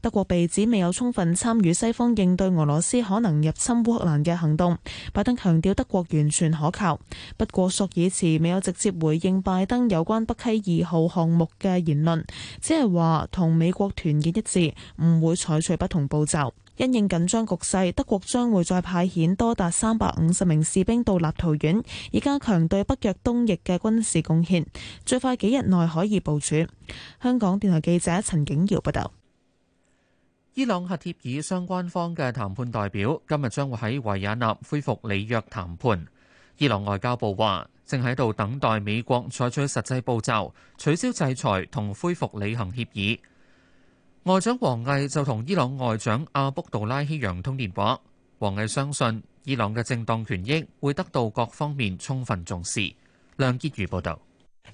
德國被指未有充分參與西方應對俄羅斯可能入侵烏克蘭嘅行動，拜登強調德國完全可靠。不過索爾茨未有直接回應拜登有關北溪二號項目嘅言論，只係話同美國團結一致，唔會採取不同步驟。因應緊張局勢，德國將會再派遣多達三百五十名士兵到立陶宛，以加強對北約東翼嘅軍事貢獻，最快幾日內可以部署。香港電台記者陳景瑤報道。伊朗核協議相關方嘅談判代表今日將會喺維也納恢復里約談判。伊朗外交部話正喺度等待美國採取實際步驟，取消制裁同恢復履行協議。外長王毅就同伊朗外長阿卜杜拉希揚通電話，王毅相信伊朗嘅正當權益會得到各方面充分重視，梁潔如報道。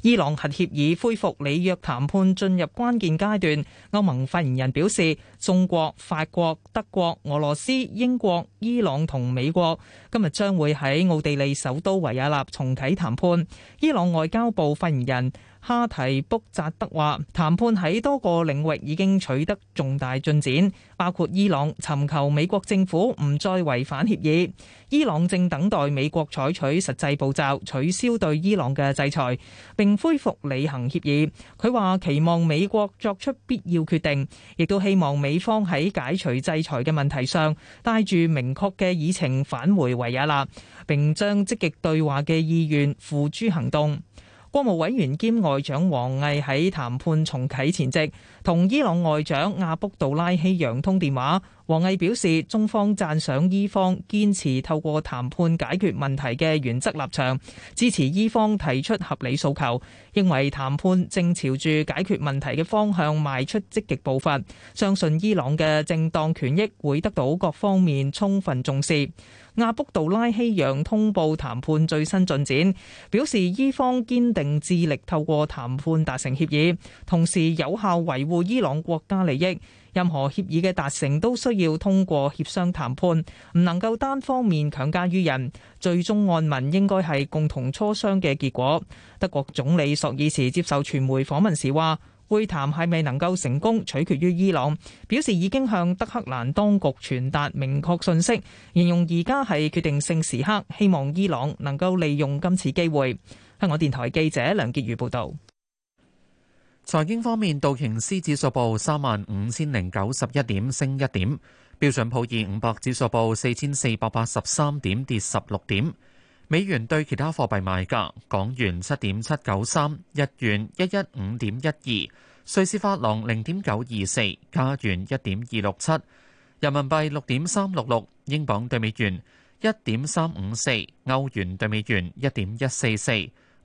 伊朗核協議恢復履約談判進入關鍵階段。歐盟發言人表示，中國、法國、德國、俄羅斯、英國、伊朗同美國今日將會喺奧地利首都維也納重啟談判。伊朗外交部發言人。哈提卜扎德話：談判喺多個領域已經取得重大進展，包括伊朗尋求美國政府唔再違反協議。伊朗正等待美國採取實際步驟，取消對伊朗嘅制裁，並恢復履行協議。佢話期望美國作出必要決定，亦都希望美方喺解除制裁嘅問題上帶住明確嘅議程返回維也納，並將積極對話嘅意願付諸行動。國務委員兼外長王毅喺談判重啟前夕，同伊朗外長阿卜杜拉希揚通電話。王毅表示，中方贊賞伊方堅持透過談判解決問題嘅原則立場，支持伊方提出合理訴求，認為談判正朝住解決問題嘅方向邁出積極步伐，相信伊朗嘅正當權益會得到各方面充分重視。亞卜杜拉希揚通報談判最新進展，表示伊方堅定致力透過談判達成協議，同時有效維護伊朗國家利益。任何協議嘅達成都需要通過協商談判，唔能夠單方面強加於人。最終案文應該係共同磋商嘅結果。德國總理朔爾茨接受傳媒訪問時話。會談係咪能夠成功，取決於伊朗。表示已經向德黑蘭當局傳達明確信息，形容而家係決定性時刻，希望伊朗能夠利用今次機會。香港電台記者梁潔如報道。財經方面，道瓊斯指數報三萬五千零九十一點，升一點；標準普爾五百指數報四千四百八十三點，跌十六點。美元對其他貨幣買價：港元七點七九三，日元一一五點一二，瑞士法郎零點九二四，加元一點二六七，人民幣六點三六六，英鎊對美元一點三五四，歐元對美元一點一四四，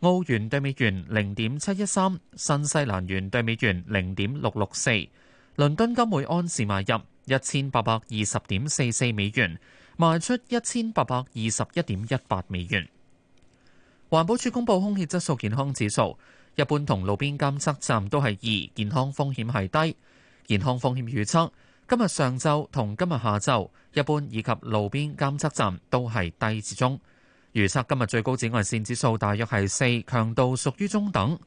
澳元對美元零點七一三，新西蘭元對美元零點六六四，倫敦金每盎司買入一千八百二十點四四美元。賣出一千八百二十一點一八美元。環保署公布空氣質素健康指數，一般同路邊監測站都係二，健康風險係低。健康風險預測，今日上晝同今日下晝，一般以及路邊監測站都係低至中。預測今日最高紫外線指數大約係四，強度屬於中等。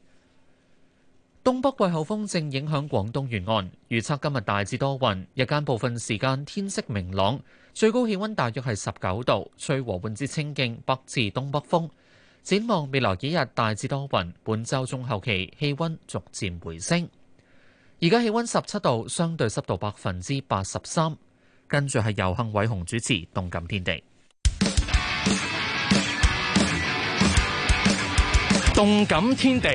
東北季候風正影響廣東沿岸，預測今日大致多雲，日間部分時間天色明朗，最高氣温大約係十九度，吹和緩至清勁北至東北風。展望未來幾日大致多雲，本周中後期氣温逐漸回升。而家氣温十七度，相對濕度百分之八十三。跟住係由幸偉雄主持《動感天地》，《動感天地》。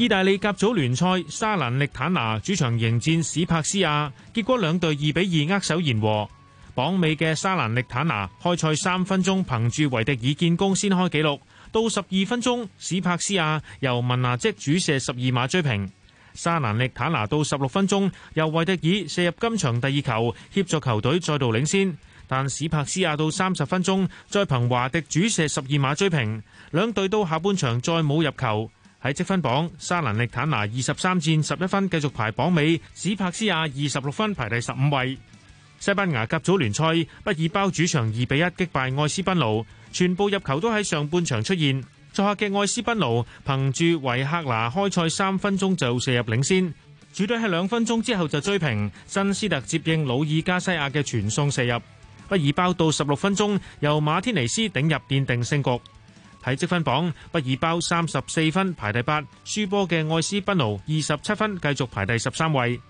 意大利甲組聯賽，沙蘭力坦拿主場迎戰史帕斯亞，結果兩隊二比二握手言和。榜尾嘅沙蘭力坦拿開賽三分鐘，憑住維迪爾建功先開紀錄，到十二分鐘史帕斯亞由文拿積主射十二碼追平。沙蘭力坦拿到十六分鐘由維迪爾射入今場第二球，協助球隊再度領先。但史帕斯亞到三十分鐘再憑華迪主射十二碼追平，兩隊到下半場再冇入球。喺積分榜，沙蘭力坦拿二十三戰十一分，繼續排榜尾，史帕斯亞二十六分排第十五位。西班牙甲組聯賽，畢爾包主場二比一擊敗愛斯賓奴，全部入球都喺上半場出現。作客嘅愛斯賓奴憑住維克拿開賽三分鐘就射入領先，主隊喺兩分鐘之後就追平，新斯特接應魯爾加西亞嘅傳送射入，畢爾包到十六分鐘由馬天尼斯頂入奠定勝局。喺積分榜，不爾包三十四分排第八，輸波嘅愛斯賓奴二十七分繼續排第十三位。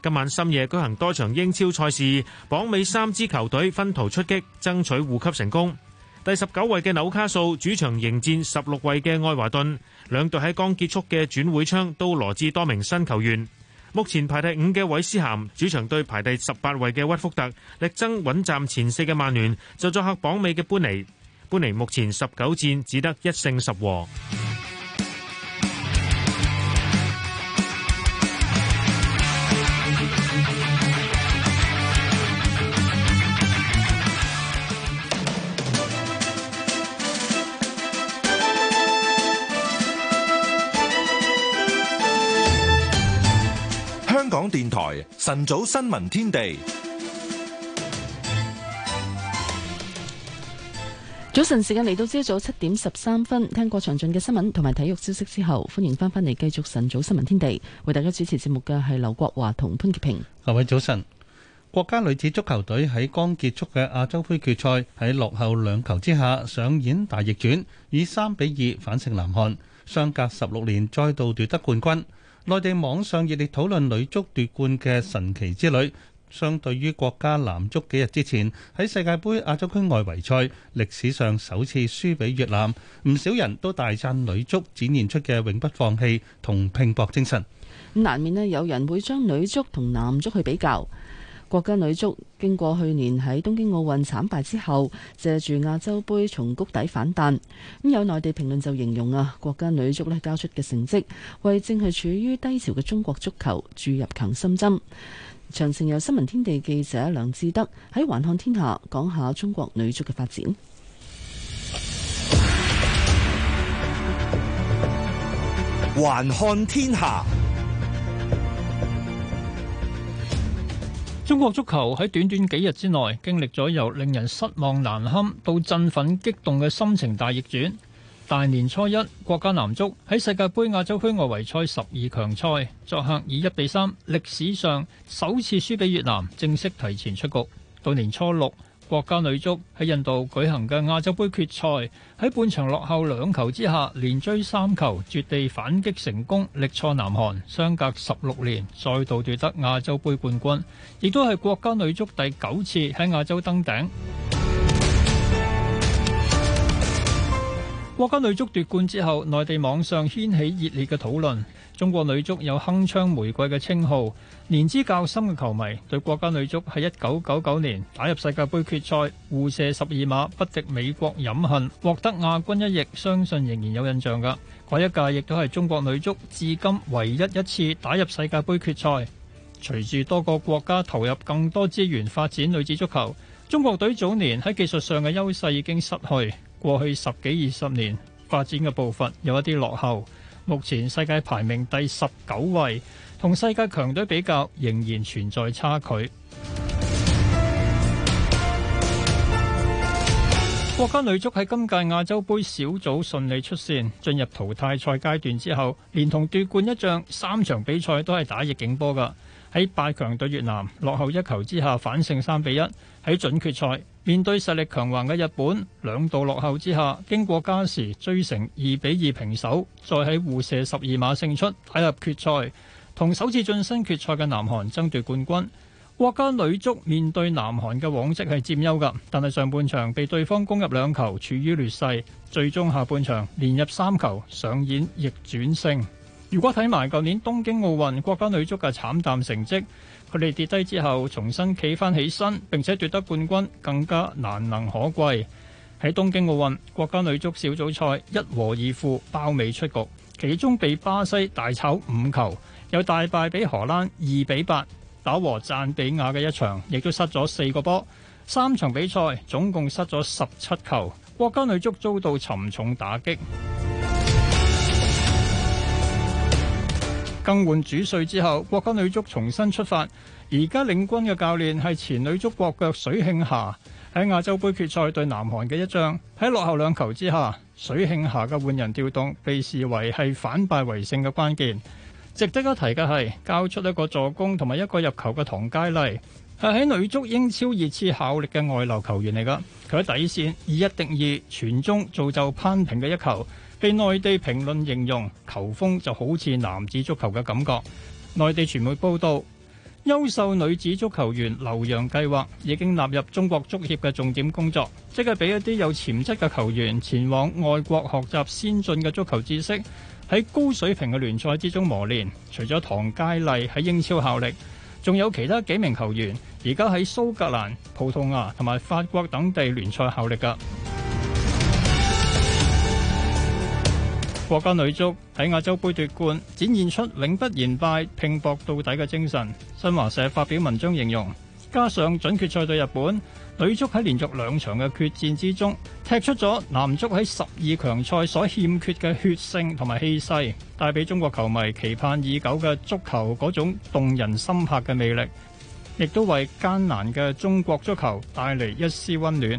今晚深夜舉行多場英超賽事，榜尾三支球隊分途出擊，爭取護級成功。第十九位嘅紐卡素主場迎戰十六位嘅愛華頓，兩隊喺剛結束嘅轉會窗都羅致多名新球員。目前排第五嘅韋斯咸主場對排第十八位嘅屈福特，力爭穩佔前四嘅曼聯就作客榜尾嘅搬尼。搬嚟目前十九戰只得一勝十和。香港電台晨早新聞天地。早晨時間嚟到朝早七點十三分，聽過詳盡嘅新聞同埋體育消息之後，歡迎翻返嚟繼續晨早新聞天地。為大家主持節目嘅係劉國華同潘潔平。各位早晨！國家女子足球隊喺剛結束嘅亞洲杯決賽喺落後兩球之下上演大逆轉，以三比二反勝南韓，相隔十六年再度奪得冠軍。內地網上熱烈討論女足奪冠嘅神奇之旅。相對於國家男足幾日之前喺世界盃亞洲區外圍賽歷史上首次輸俾越南，唔少人都大讚女足展現出嘅永不放棄同拼搏精神。咁難免咧，有人會將女足同男足去比較。國家女足經過去年喺東京奧運慘敗之後，借住亞洲杯從谷底反彈，咁有內地評論就形容啊，國家女足咧交出嘅成績為正係處於低潮嘅中國足球注入強心針。詳情由新聞天地記者梁志德喺《橫看天下》講下中國女足嘅發展。《橫看天下》，中國足球喺短短幾日之內經歷咗由令人失望難堪到振奮激動嘅心情大逆轉。大年初一，國家男足喺世界盃亞洲區外圍賽十二強賽作客以一比三，歷史上首次輸俾越南，正式提前出局。到年初六，國家女足喺印度舉行嘅亞洲盃決賽，喺半場落後兩球之下，連追三球，絕地反擊成功，力挫南韓，相隔十六年再度奪得亞洲盃冠軍，亦都係國家女足第九次喺亞洲登頂。國家女足奪冠之後，內地網上掀起熱烈嘅討論。中國女足有「鏗鏘玫瑰」嘅稱號，年資較深嘅球迷對國家女足喺一九九九年打入世界盃決賽，互射十二碼不敵美國飲恨，獲得亞軍一役，相信仍然有印象㗎。嗰一屆亦都係中國女足至今唯一一次打入世界盃決賽。隨住多個國家投入更多資源發展女子足球，中國隊早年喺技術上嘅優勢已經失去。過去十幾二十年發展嘅步伐有一啲落後，目前世界排名第十九位，同世界強隊比較仍然存在差距。國 家女足喺今屆亞洲盃小組順利出線，進入淘汰賽階段之後，連同奪冠一仗，三場比賽都係打逆境波㗎。喺八強對越南落後一球之下反勝三比一，喺準決賽面對實力強橫嘅日本兩度落後之下，經過加時追成二比二平手，再喺互射十二碼勝出，打入決賽，同首次晉身決賽嘅南韓爭奪冠軍。國家女足面對南韓嘅往績係佔優㗎，但係上半場被對方攻入兩球，處於劣勢，最終下半場連入三球上演逆轉勝。如果睇埋舊年東京奧運國家女足嘅慘淡成績，佢哋跌低之後重新企返起身，並且奪得冠軍，更加難能可貴。喺東京奧運國家女足小組賽一和二負包尾出局，其中被巴西大炒五球，有大敗俾荷蘭二比八，打和讚比亞嘅一場亦都失咗四個波，三場比賽總共失咗十七球，國家女足遭到沉重打擊。更換主帥之後，國家女足重新出發。而家領軍嘅教練係前女足國腳水慶霞。喺亞洲盃決賽對南韓嘅一仗，喺落後兩球之下，水慶霞嘅換人調動被視為係反敗為勝嘅關鍵。值得一提嘅係，交出一個助攻同埋一個入球嘅唐佳麗，係喺女足英超熱刺效力嘅外流球員嚟噶。佢喺底線以一敵二，傳中造就攀平嘅一球。被內地評論形容球風就好似男子足球嘅感覺。內地傳媒報道，優秀女子足球員留洋計劃已經納入中國足協嘅重點工作，即係畀一啲有潛質嘅球員前往外國學習先進嘅足球知識，喺高水平嘅聯賽之中磨練。除咗唐佳麗喺英超效力，仲有其他幾名球員而家喺蘇格蘭、葡萄牙同埋法國等地聯賽效力噶。國家女足喺亞洲杯奪冠，展現出永不言敗、拼搏到底嘅精神。新華社發表文章形容，加上準決賽對日本女足喺連續兩場嘅決戰之中，踢出咗男足喺十二強賽所欠缺嘅血性同埋氣勢，帶俾中國球迷期盼已久嘅足球嗰種動人深刻嘅魅力，亦都為艱難嘅中國足球帶嚟一絲温暖。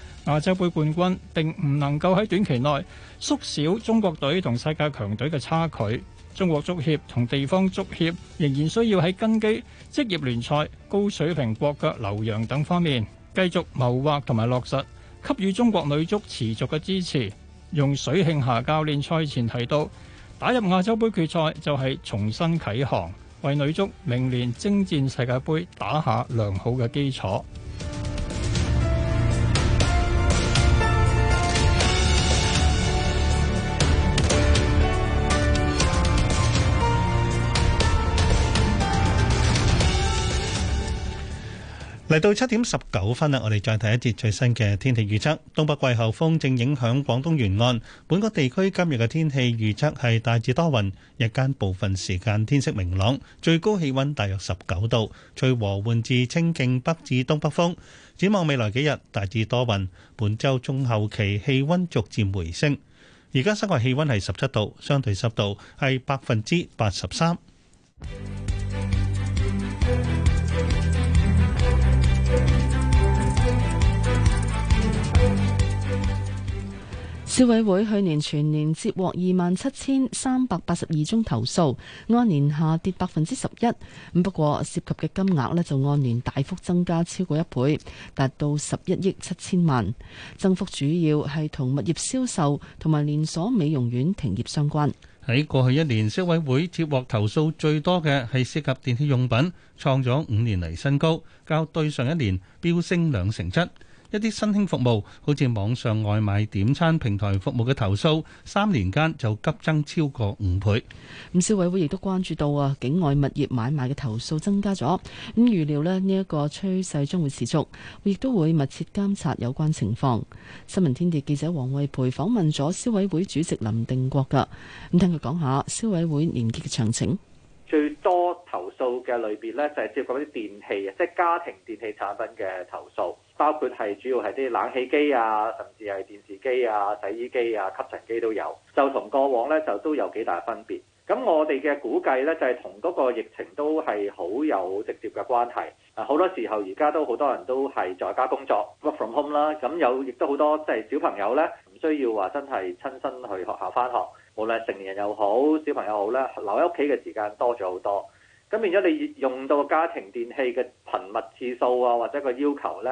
亞洲杯冠軍並唔能夠喺短期內縮小中國隊同世界強隊嘅差距。中國足協同地方足協仍然需要喺根基、職業聯賽、高水平國腳留洋等方面繼續謀劃同埋落實，給予中國女足持續嘅支持。用水慶霞教練賽前提到，打入亞洲杯決賽就係重新啟航，為女足明年征戰世界盃打下良好嘅基礎。嚟到七點十九分啦，我哋再睇一節最新嘅天氣預測。東北季候風正影響廣東沿岸，本港地區今日嘅天氣預測係大致多雲，日間部分時間天色明朗，最高氣温大約十九度，吹和緩至清勁北至東北風。展望未來幾日，大致多雲，本週中後期氣温逐漸回升。而家室外氣温係十七度，相對濕度係百分之八十三。消委會去年全年接獲二萬七千三百八十二宗投訴，按年下跌百分之十一。咁不過涉及嘅金額呢，就按年大幅增加超過一倍，達到十一億七千萬，增幅主要係同物業銷售同埋連鎖美容院停業相關。喺過去一年，消委會接獲投訴最多嘅係涉及電器用品，創咗五年嚟新高，較對上一年飆升兩成七。一啲新興服務，好似網上外賣點餐平台服務嘅投訴，三年間就急增超過五倍。消委會亦都關注到啊，境外物業買賣嘅投訴增加咗，咁預料咧呢一個趨勢將會持續，亦都會密切監察有關情況。新聞天地記者黃慧培訪問咗消委會主席林定國噶，咁聽佢講下消委會年結嘅詳情。最多投訴嘅類別咧就係涉及啲電器啊，即係家庭電器產品嘅投訴。包括係主要係啲冷氣機啊，甚至係電視機啊、洗衣機啊、吸塵機都有，就同過往呢，就都有幾大分別。咁我哋嘅估計呢，就係同嗰個疫情都係好有直接嘅關係。啊，好多時候而家都好多人都係在家工作 work from home 啦，咁有亦都好多即係小朋友呢，唔需要話真係親身去學校返學，無論成年人又好小朋友好呢，留喺屋企嘅時間多咗好多。咁變咗你用到家庭電器嘅頻密次數啊，或者個要求呢，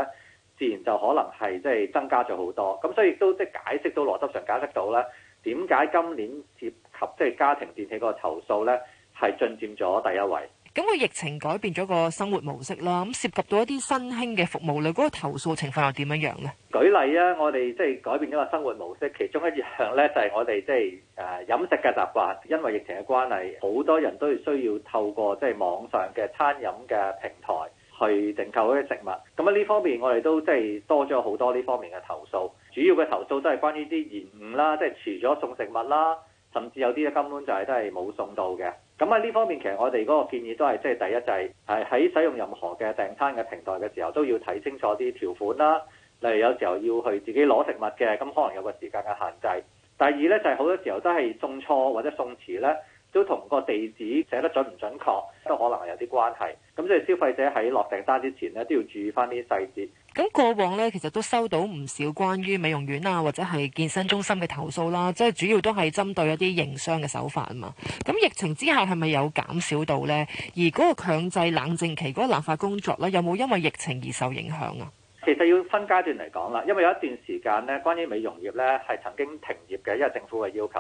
自然就可能係即係增加咗好多，咁所以亦都即係解釋到邏輯上解釋到咧，點解今年涉及即係家庭電器嗰個投訴咧係進佔咗第一位。咁個疫情改變咗個生活模式啦，咁涉及到一啲新興嘅服務類，嗰個投訴情況又點樣樣咧？舉例啊，我哋即係改變咗個生活模式，其中一樣咧就係我哋即係誒飲食嘅習慣，因為疫情嘅關係，好多人都係需要透過即係網上嘅餐飲嘅平台。去訂購嗰啲食物，咁喺呢方面我哋都即係多咗好多呢方面嘅投訴，主要嘅投訴都係關於啲延誤啦，即係除咗送食物啦，甚至有啲根本就係都係冇送到嘅。咁喺呢方面其實我哋嗰個建議都係即係第一，就係喺使用任何嘅訂餐嘅平台嘅時候都要睇清楚啲條款啦。例如有時候要去自己攞食物嘅，咁可能有個時間嘅限制。第二呢，就係好多時候都係送錯或者送遲呢。都同個地址寫得準唔準確都可能係有啲關係。咁即係消費者喺落訂單之前呢，都要注意翻啲細節。咁過往呢，其實都收到唔少關於美容院啊，或者係健身中心嘅投訴啦。即係主要都係針對一啲營商嘅手法啊嘛。咁疫情之下係咪有減少到呢？而嗰個強制冷靜期嗰個立法工作呢，有冇因為疫情而受影響啊？其實要分階段嚟講啦，因為有一段時間呢，關於美容業呢，係曾經停業嘅，因為政府嘅要求。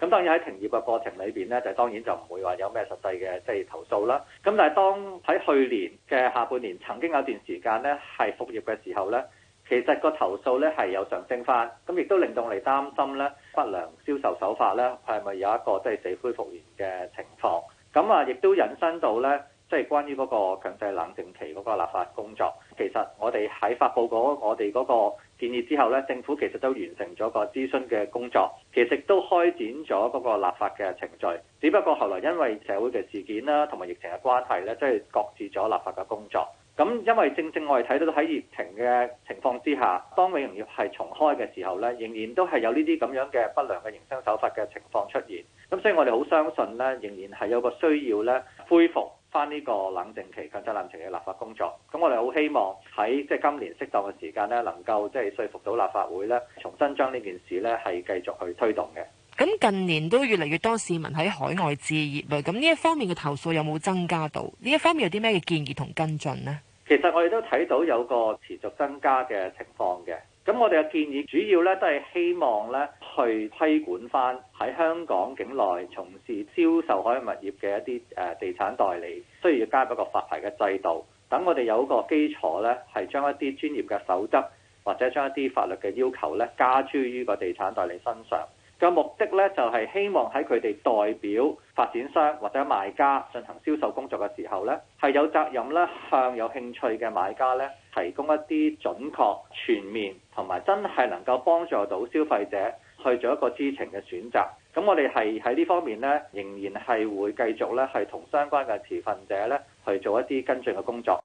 咁當然喺停業嘅過程裏邊咧，就當然就唔會話有咩實際嘅即係投訴啦。咁但係當喺去年嘅下半年曾經有段時間咧，係復業嘅時候咧，其實個投訴咧係有上升返，咁亦都令到我哋擔心咧，不良銷售手法咧係咪有一個即係、就是、死灰復燃嘅情況？咁啊，亦都引申到咧。即係關於嗰個強制冷靜期嗰個立法工作，其實我哋喺發布嗰我哋嗰個建議之後咧，政府其實都完成咗個諮詢嘅工作，其實都開展咗嗰個立法嘅程序。只不過後來因為社會嘅事件啦，同埋疫情嘅關係咧，即係擱置咗立法嘅工作。咁因為正正我哋睇到喺疫情嘅情況之下，當美容業係重開嘅時候咧，仍然都係有呢啲咁樣嘅不良嘅營商手法嘅情況出現。咁所以我哋好相信呢，仍然係有個需要呢恢復翻呢個冷靜期，強制冷靜期嘅立法工作，咁我哋好希望喺即係今年適當嘅時間咧，能夠即係說服到立法會咧，重新將呢件事咧係繼續去推動嘅。咁近年都越嚟越多市民喺海外置業啊，咁呢一方面嘅投訴有冇增加到？呢一方面有啲咩嘅建議同跟進呢？其實我哋都睇到有個持續增加嘅情況嘅。咁我哋嘅建議主要咧都係希望咧，去規管翻喺香港境內從事銷售海外物業嘅一啲誒地產代理，需要加入一個發牌嘅制度。等我哋有個基礎咧，係將一啲專業嘅守則或者將一啲法律嘅要求咧，加諸於個地產代理身上，嘅目的咧，就係希望喺佢哋代表發展商或者賣家進行銷售工作嘅時候咧，係有責任咧向有興趣嘅買家咧提供一啲準確全面同埋真係能夠幫助到消費者去做一個知情嘅選擇，咁我哋係喺呢方面咧，仍然係會繼續咧係同相關嘅持份者咧去做一啲跟進嘅工作。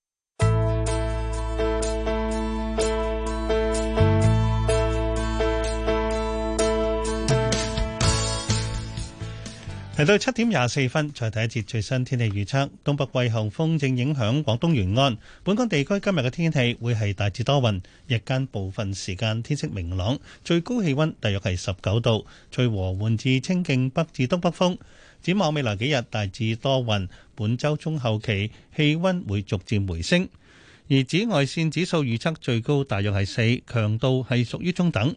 嚟到七點廿四分，再睇一節最新天氣預測。東北季候風正影響廣東沿岸，本港地區今日嘅天氣會係大致多雲，日間部分時間天色明朗，最高氣溫大約係十九度，吹和緩至清勁北至東北風，展望未來幾日大致多雲，本周中後期氣溫會逐漸回升，而紫外線指數預測最高大約係四，強度係屬於中等。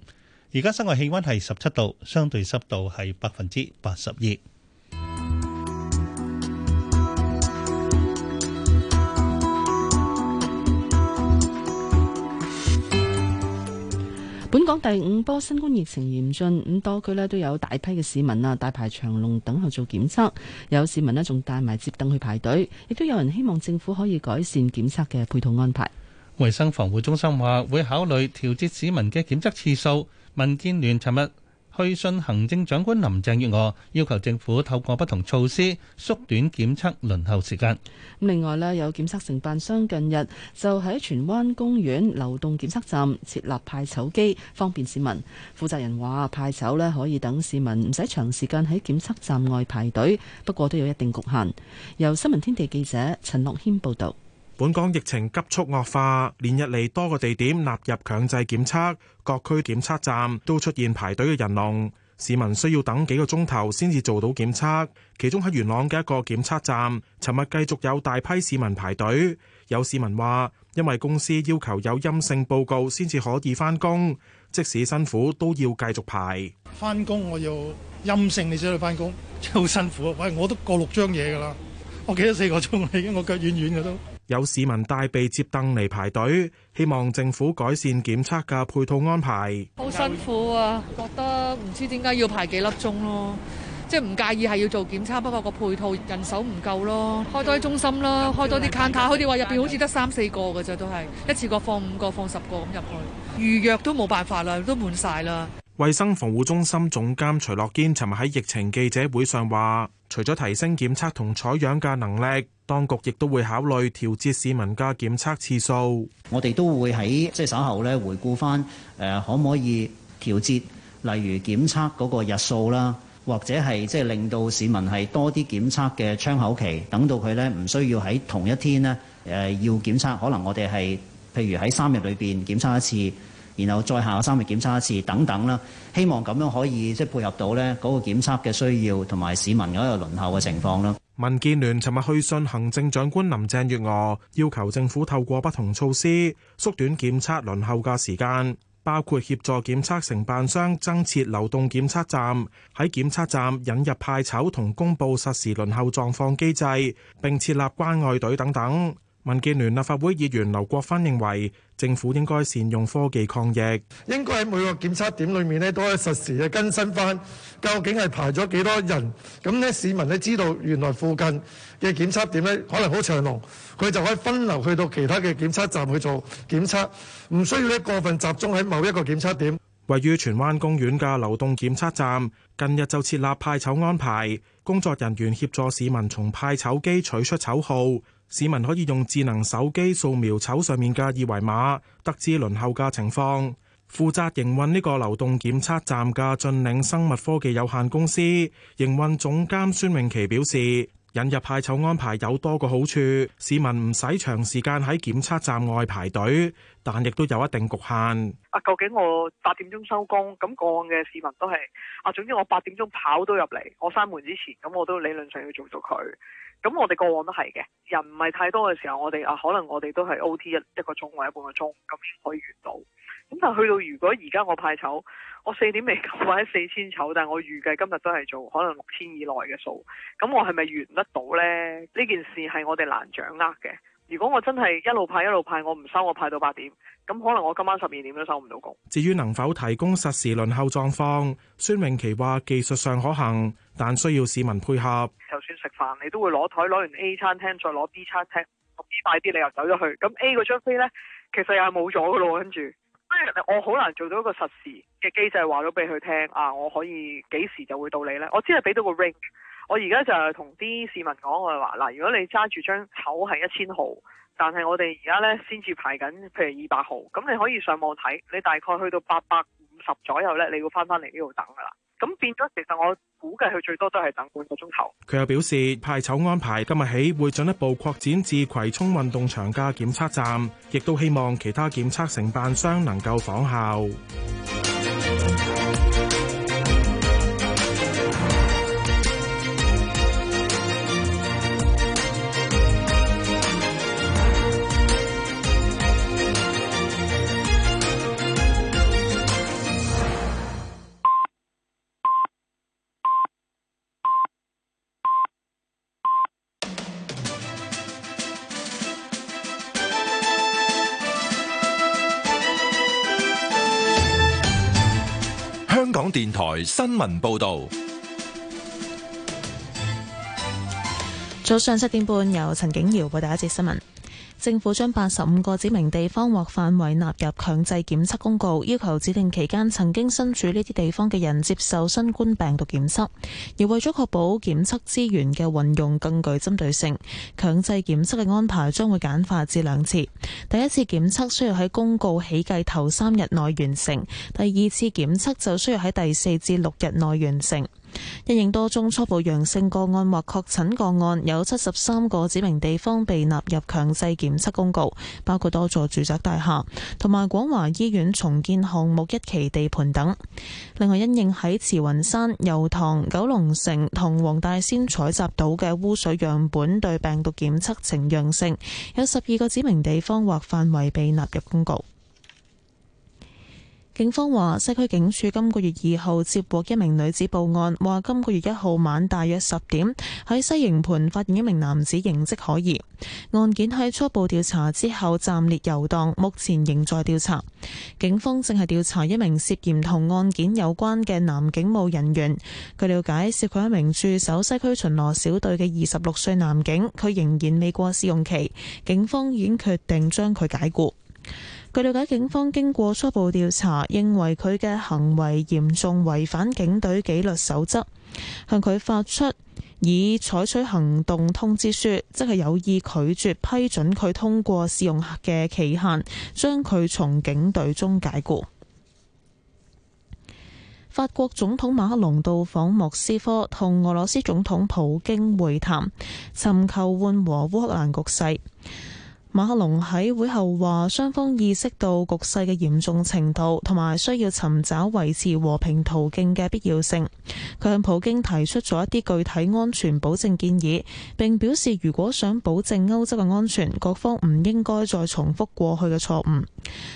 而家室外氣溫係十七度，相對濕度係百分之八十二。本港第五波新冠疫情嚴峻，咁多區咧，都有大批嘅市民啊，大排長龍等候做檢測，有市民咧仲帶埋折凳去排隊，亦都有人希望政府可以改善檢測嘅配套安排。衛生防護中心話會考慮調節市民嘅檢測次數，民建聯尋日。推信行政長官林鄭月娥，要求政府透過不同措施縮短檢測輪候時間。另外咧，有檢測承辦商近日就喺荃灣公園流動檢測站設立派籌機，方便市民。負責人話派籌咧可以等市民唔使長時間喺檢測站外排隊，不過都有一定局限。由新聞天地記者陳樂軒報導。本港疫情急速惡化，連日嚟多個地點納入強制檢測，各區檢測站都出現排隊嘅人龍，市民需要等幾個鐘頭先至做到檢測。其中喺元朗嘅一個檢測站，尋日繼續有大批市民排隊。有市民話：因為公司要求有陰性報告先至可以翻工，即使辛苦都要繼續排翻工。我要陰性你先可以翻工，真係好辛苦啊！喂，我都過六張嘢㗎啦，我企咗四個鐘已經，我腳軟軟嘅都。有市民帶備摺凳嚟排隊，希望政府改善檢測嘅配套安排。好辛苦啊，覺得唔知點解要排幾粒鐘咯，即係唔介意係要做檢測，不過個配套人手唔夠咯，開多啲中心啦，開多啲 counter，佢哋話入邊好似得三四個嘅啫，都係一次過放五個、放十個咁入去，預約都冇辦法啦，都滿晒啦。衞生防護中心總監徐樂堅尋日喺疫情記者會上話，除咗提升檢測同採樣嘅能力。當局亦都會考慮調節市民家檢測次數。我哋都會喺即係稍後回顧返可唔可以調節，例如檢測嗰個日數啦，或者係即係令到市民係多啲檢測嘅窗口期，等到佢呢，唔需要喺同一天呢，要檢測，可能我哋係，譬如喺三日裏面檢測一次，然後再下三日檢測一次，等等啦，希望咁樣可以即係配合到呢，嗰個檢測嘅需要，同埋市民有一輪候嘅情況啦。民建聯尋日去信行政長官林鄭月娥，要求政府透過不同措施縮短檢測輪候嘅時間，包括協助檢測承辦商增設流動檢測站，喺檢測站引入派籌同公布實時輪候狀況機制，並設立關愛隊等等。民建聯立法會議員劉國芬認為，政府應該善用科技抗疫，應該喺每個檢測點裏面呢，都可以實時嘅更新返，究竟係排咗幾多人？咁呢，市民呢，知道原來附近嘅檢測點呢可能好長龍，佢就可以分流去到其他嘅檢測站去做檢測，唔需要呢過分集中喺某一個檢測點。位於荃灣公園嘅流動檢測站，近日就設立派籌安排，工作人員協助市民從派籌機取出籌號。市民可以用智能手機掃描籌上面嘅二維碼，得知輪候嘅情況。負責營運呢個流動檢測站嘅峻嶺生物科技有限公司營運總監孫永琪表示，引入派籌安排有多個好處，市民唔使長時間喺檢測站外排隊，但亦都有一定局限。啊，究竟我八點鐘收工，咁個案嘅市民都係啊，總之我八點鐘跑都入嚟，我閂門之前，咁我都理論上要做到佢。咁我哋過往都係嘅，人唔係太多嘅時候，我哋啊可能我哋都係 O T 一一個鐘或者半個鐘，咁可以完到。咁但係去到如果而家我派籌，我四點未夠或者四千籌，但係我預計今日都係做可能六千以內嘅數，咁我係咪完得到呢？呢件事係我哋難掌握嘅。如果我真係一路派一路派，我唔收，我派到八點，咁可能我今晚十二點都收唔到工。至於能否提供實時輪候狀況，孫永琪話技術上可行，但需要市民配合。就算食飯，你都會攞台攞完 A 餐廳再攞 B 餐廳，B 快啲你又走咗去，咁 A 嗰張飛呢其實又係冇咗噶咯，跟住我好難做到一個實時嘅機制，話咗俾佢聽啊，我可以幾時就會到你呢？我只係畀到個 range 我而家就同啲市民講我話，嗱，如果你揸住張籌係一千號，但係我哋而家咧先至排緊，譬如二百號，咁你可以上網睇，你大概去到八百五十左右咧，你要翻翻嚟呢度等噶啦。咁變咗，其實我估計佢最多都係等半個鐘頭。佢又表示，派籌安排今日起會進一步擴展至葵涌運動場嘅檢測站，亦都希望其他檢測承辦商能夠仿效。電台新聞報道。早上七點半，由陳景瑤報第一節新聞。政府將八十五個指明地方或範圍納入強制檢測公告，要求指定期間曾經身處呢啲地方嘅人接受新冠病毒檢測。而為咗確保檢測資源嘅運用更具針對性，強制檢測嘅安排將會簡化至兩次。第一次檢測需要喺公告起計頭三日內完成，第二次檢測就需要喺第四至六日內完成。因應多宗初步陽性個案或確診個案，有七十三個指明地方被納入強制檢測公告，包括多座住宅大廈、同埋廣華醫院重建項目一期地盤等。另外，因應喺慈雲山、油塘、九龍城同黃大仙採集到嘅污水樣本對病毒檢測呈陽性，有十二個指明地方或範圍被納入公告。警方話，西區警署今個月二號接獲一名女子報案，話今個月一號晚大約十點喺西營盤發現一名男子形跡可疑。案件喺初步調查之後暫列遊蕩，目前仍在調查。警方正係調查一名涉嫌同案件有關嘅男警務人員。據了解，涉佢一名駐守西區巡邏小隊嘅二十六歲男警，佢仍然未過試用期，警方已經決定將佢解僱。據了解，警方經過初步調查，認為佢嘅行為嚴重違反警隊紀律守則，向佢發出以採取行動通知書，即係有意拒絕批准佢通過試用嘅期限，將佢從警隊中解雇。法國總統馬克龍到訪莫斯科，同俄羅斯總統普京會談，尋求緩和烏克蘭局勢。馬克龍喺會後話，雙方意識到局勢嘅嚴重程度，同埋需要尋找維持和平途徑嘅必要性。佢向普京提出咗一啲具體安全保證建議，並表示如果想保證歐洲嘅安全，各方唔應該再重複過去嘅錯誤。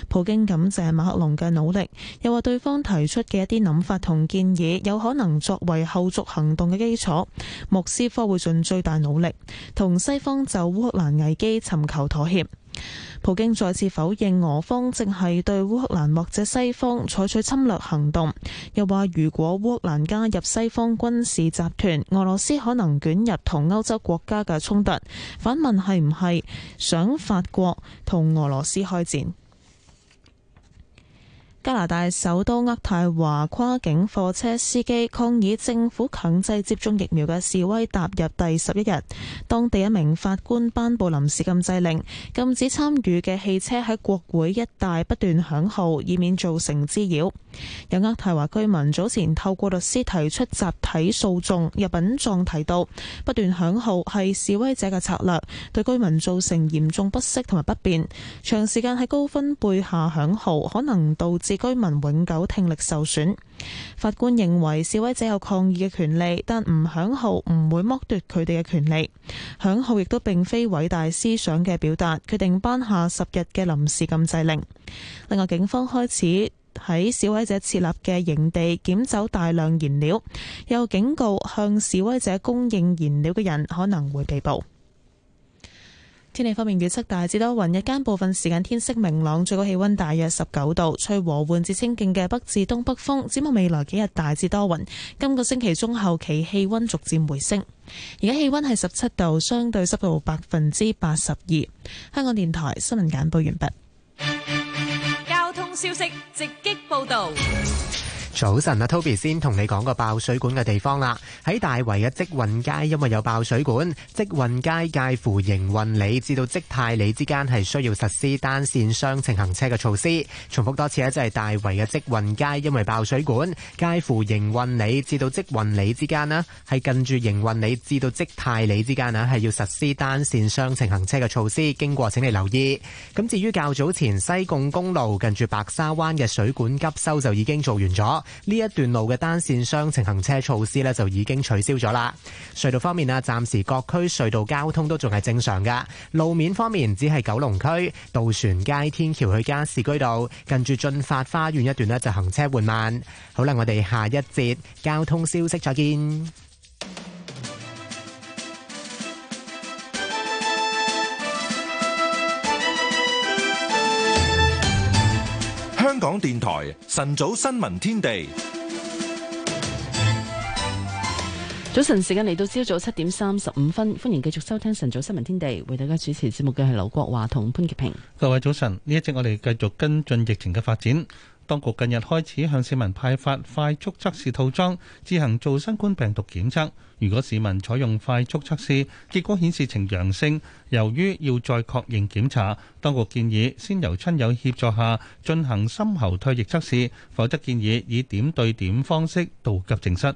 普京感謝馬克龍嘅努力，又話對方提出嘅一啲諗法同建議有可能作為後續行動嘅基礎。莫斯科會盡最大努力同西方就烏克蘭危機尋求妥。妥協。普京再次否認，俄方正係對烏克蘭或者西方採取侵略行動，又話如果烏克蘭加入西方軍事集團，俄羅斯可能捲入同歐洲國家嘅衝突，反問，係唔係想法國同俄羅斯開戰？加拿大首都渥太華跨境貨車司機抗議政府強制接種疫苗嘅示威踏入第十一日，當地一名法官頒布臨時禁制令，禁止參與嘅汽車喺國會一帶不斷響號，以免造成滋擾。有渥太華居民早前透過律師提出集體訴訟，入稟狀提到不斷響號係示威者嘅策略，對居民造成嚴重不適同埋不便，長時間喺高分貝下響號可能導致，居民永久聽力受損。法官認為示威者有抗議嘅權利，但唔響號唔會剝奪佢哋嘅權利。響號亦都並非偉大思想嘅表達，決定頒下十日嘅臨時禁制令。另外，警方開始喺示威者設立嘅營地撿走大量燃料，又警告向示威者供應燃料嘅人可能會被捕。天氣方面預測大致多雲，日間部分時間天色明朗，最高氣溫大約十九度，吹和緩至清勁嘅北至東北風。展望未來幾日大致多雲，今個星期中後期氣溫逐漸回升。而家氣溫係十七度，相對濕度百分之八十二。香港電台新聞簡報完畢。交通消息直擊報道。早晨啊，Toby 先同你講個爆水管嘅地方啦。喺大圍嘅積運街，因為有爆水管，積運街介乎盈運里至到積泰里之間係需要實施單線雙程行車嘅措施。重複多次咧，就係大圍嘅積運街，因為爆水管，介乎盈運里至到積運里之間啦，係近住盈運里至到積泰里之間啊，係要實施單線雙程行車嘅措施。經過，請你留意。咁至於較早前西貢公路近住白沙灣嘅水管急修就已經做完咗。呢一段路嘅單線雙程行車措施呢，就已經取消咗啦。隧道方面呢，暫時各區隧道交通都仲係正常噶。路面方面，只係九龍區渡船街天橋去加士居道近住駿發花園一段呢，就行車緩慢。好啦，我哋下一節交通消息再見。港電台晨早新聞天地，早晨時間嚟到朝早七點三十五分，歡迎繼續收聽晨早新聞天地，為大家主持節目嘅係劉國華同潘潔平。各位早晨，呢一節我哋繼續跟進疫情嘅發展。當局近日開始向市民派發快速測試套裝，自行做新冠病毒檢測。如果市民採用快速測試，結果顯示呈陽性，由於要再確認檢查，當局建議先由親友協助下進行深喉唾液測試，否則建議以點對點方式到急症室。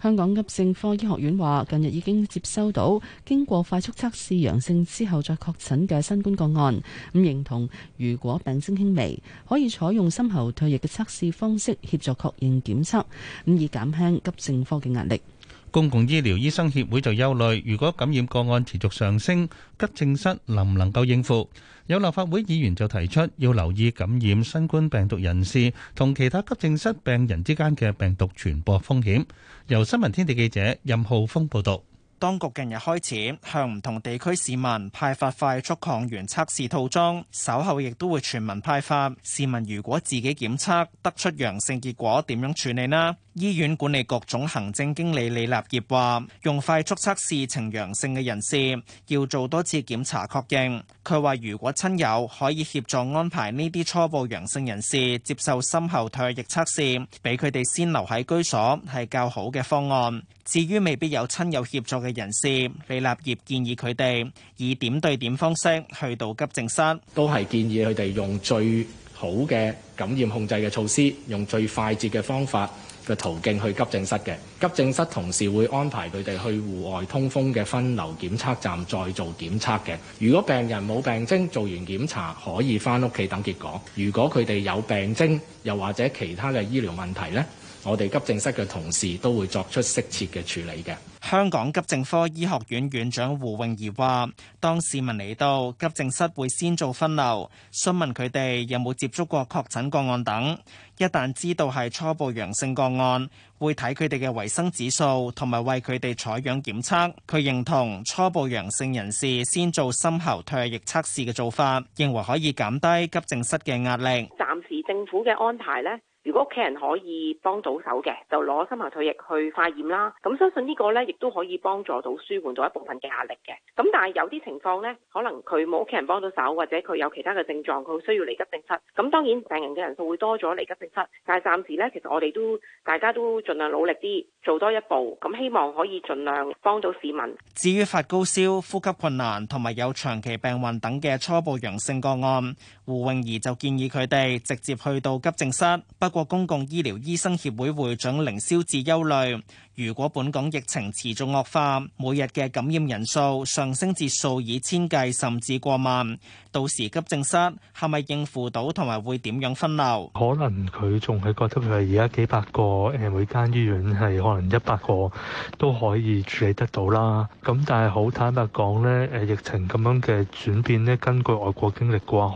香港急症科醫學院話，近日已經接收到經過快速測試陽性之後再確診嘅新冠個案，咁認同如果病徵輕微，可以採用深喉唾液嘅測試方式協助確認檢測，咁以減輕急症科嘅壓力。公共醫療醫生協會就憂慮，如果感染個案持續上升，急症室能唔能夠應付？有立法會議員就提出要留意感染新冠病毒人士同其他急症室病人之間嘅病毒傳播風險。由新聞天地記者任浩峰報道。當局近日開始向唔同地區市民派發快速抗原測試套裝，稍後亦都會全民派發。市民如果自己檢測得出陽性結果，點樣處理呢？醫院管理局總行政經理李立業話，用快速測試呈陽性嘅人士，要做多次檢查確認。佢話如果親友可以協助安排呢啲初步陽性人士接受深喉唾液測試，俾佢哋先留喺居所，係較好嘅方案。至於未必有親友協助嘅人士，李立業建議佢哋以點對點方式去到急症室，都係建議佢哋用最好嘅感染控制嘅措施，用最快捷嘅方法嘅途徑去急症室嘅。急症室同時會安排佢哋去戶外通風嘅分流檢測站再做檢測嘅。如果病人冇病徵，做完檢查可以返屋企等結果；如果佢哋有病徵，又或者其他嘅醫療問題咧。我哋急症室嘅同事都會作出適切嘅處理嘅。香港急症科醫學院院長胡詠儀話，當市民嚟到急症室，會先做分流，詢問佢哋有冇接觸過確診個案等。一旦知道係初步陽性個案，會睇佢哋嘅衛生指數同埋為佢哋採樣檢測，佢認同初步陽性人士先做深喉唾液測試嘅做法，認為可以減低急症室嘅壓力。暫時政府嘅安排咧？如果屋企人可以幫到手嘅，就攞深喉唾液去化驗啦。咁相信呢個呢，亦都可以幫助到舒緩到一部分嘅壓力嘅。咁但係有啲情況呢，可能佢冇屋企人幫到手，或者佢有其他嘅症狀，佢需要嚟急症室。咁當然病人嘅人數會多咗嚟急症室，但係暫時呢，其實我哋都大家都盡量努力啲做多一步，咁希望可以盡量幫到市民。至於發高燒、呼吸困難同埋有長期病患等嘅初步陽性個案，胡詠儀就建議佢哋直接去到急症室。不個公共醫療醫生協會會長凌霄志憂慮。如果本港疫情持續惡化，每日嘅感染人數上升至數以千計甚至過萬，到時急症室係咪應付到，同埋會點樣分流？可能佢仲係覺得佢而家幾百個誒每間醫院係可能一百個都可以處理得到啦。咁但係好坦白講咧，誒疫情咁樣嘅轉變咧，根據外國經歷嘅話，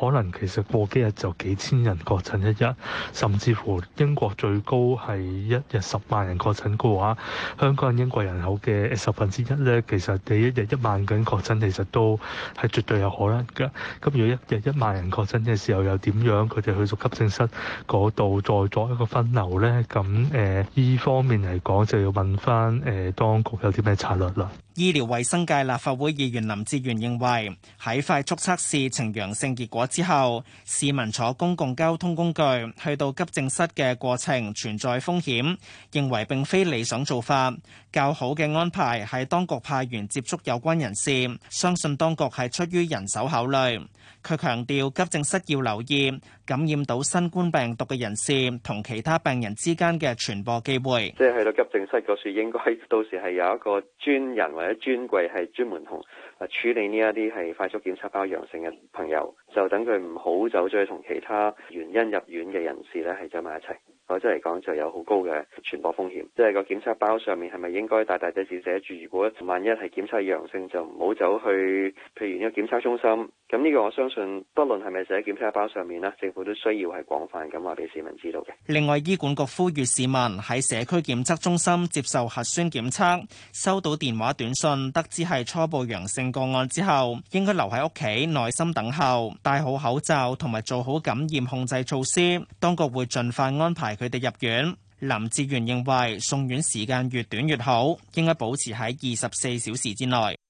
好可能其實過幾日就幾千人確診，一日，甚至乎英國最高係一日十萬人確診。嘅話，香港人英國人口嘅十分之一呢，其實第一日一萬個人確診，其實都係絕對有可能噶。咁如果一日一萬人確診嘅時候，又點樣佢哋去到急症室嗰度再作一個分流呢？咁誒，依、呃、方面嚟講，就要問翻誒、呃、當局有啲咩策略啦。醫療衛生界立法會議員林志源認為，喺快速測試呈陽性結果之後，市民坐公共交通工具去到急症室嘅過程存在風險，認為並非理想做法。較好嘅安排係當局派員接觸有關人士，相信當局係出於人手考慮。佢強調急症室要留意感染到新冠病毒嘅人士同其他病人之間嘅傳播機會。即係去到急症室嗰處，應該到時係有一個專人或者專櫃，係專門同啊處理呢一啲係快速檢測包陽性嘅朋友，就等佢唔好走，再同其他原因入院嘅人士咧係走埋一齊。我即嚟講就有好高嘅傳播風險，即係個檢測包上面係咪應該大大隻字寫住？如果萬一係檢測陽性，就唔好走去，譬如呢個檢測中心。咁呢個我相信，不論係咪寫檢測包上面啦，政府都需要係廣泛咁話俾市民知道嘅。另外，醫管局呼籲市民喺社區檢測中心接受核酸檢測，收到電話短信得知係初步陽性個案之後應該留喺屋企耐心等候，戴好口罩同埋做好感染控制措施。當局會盡快安排。佢哋入院，林志源認為送院時間越短越好，應該保持喺二十四小時之內。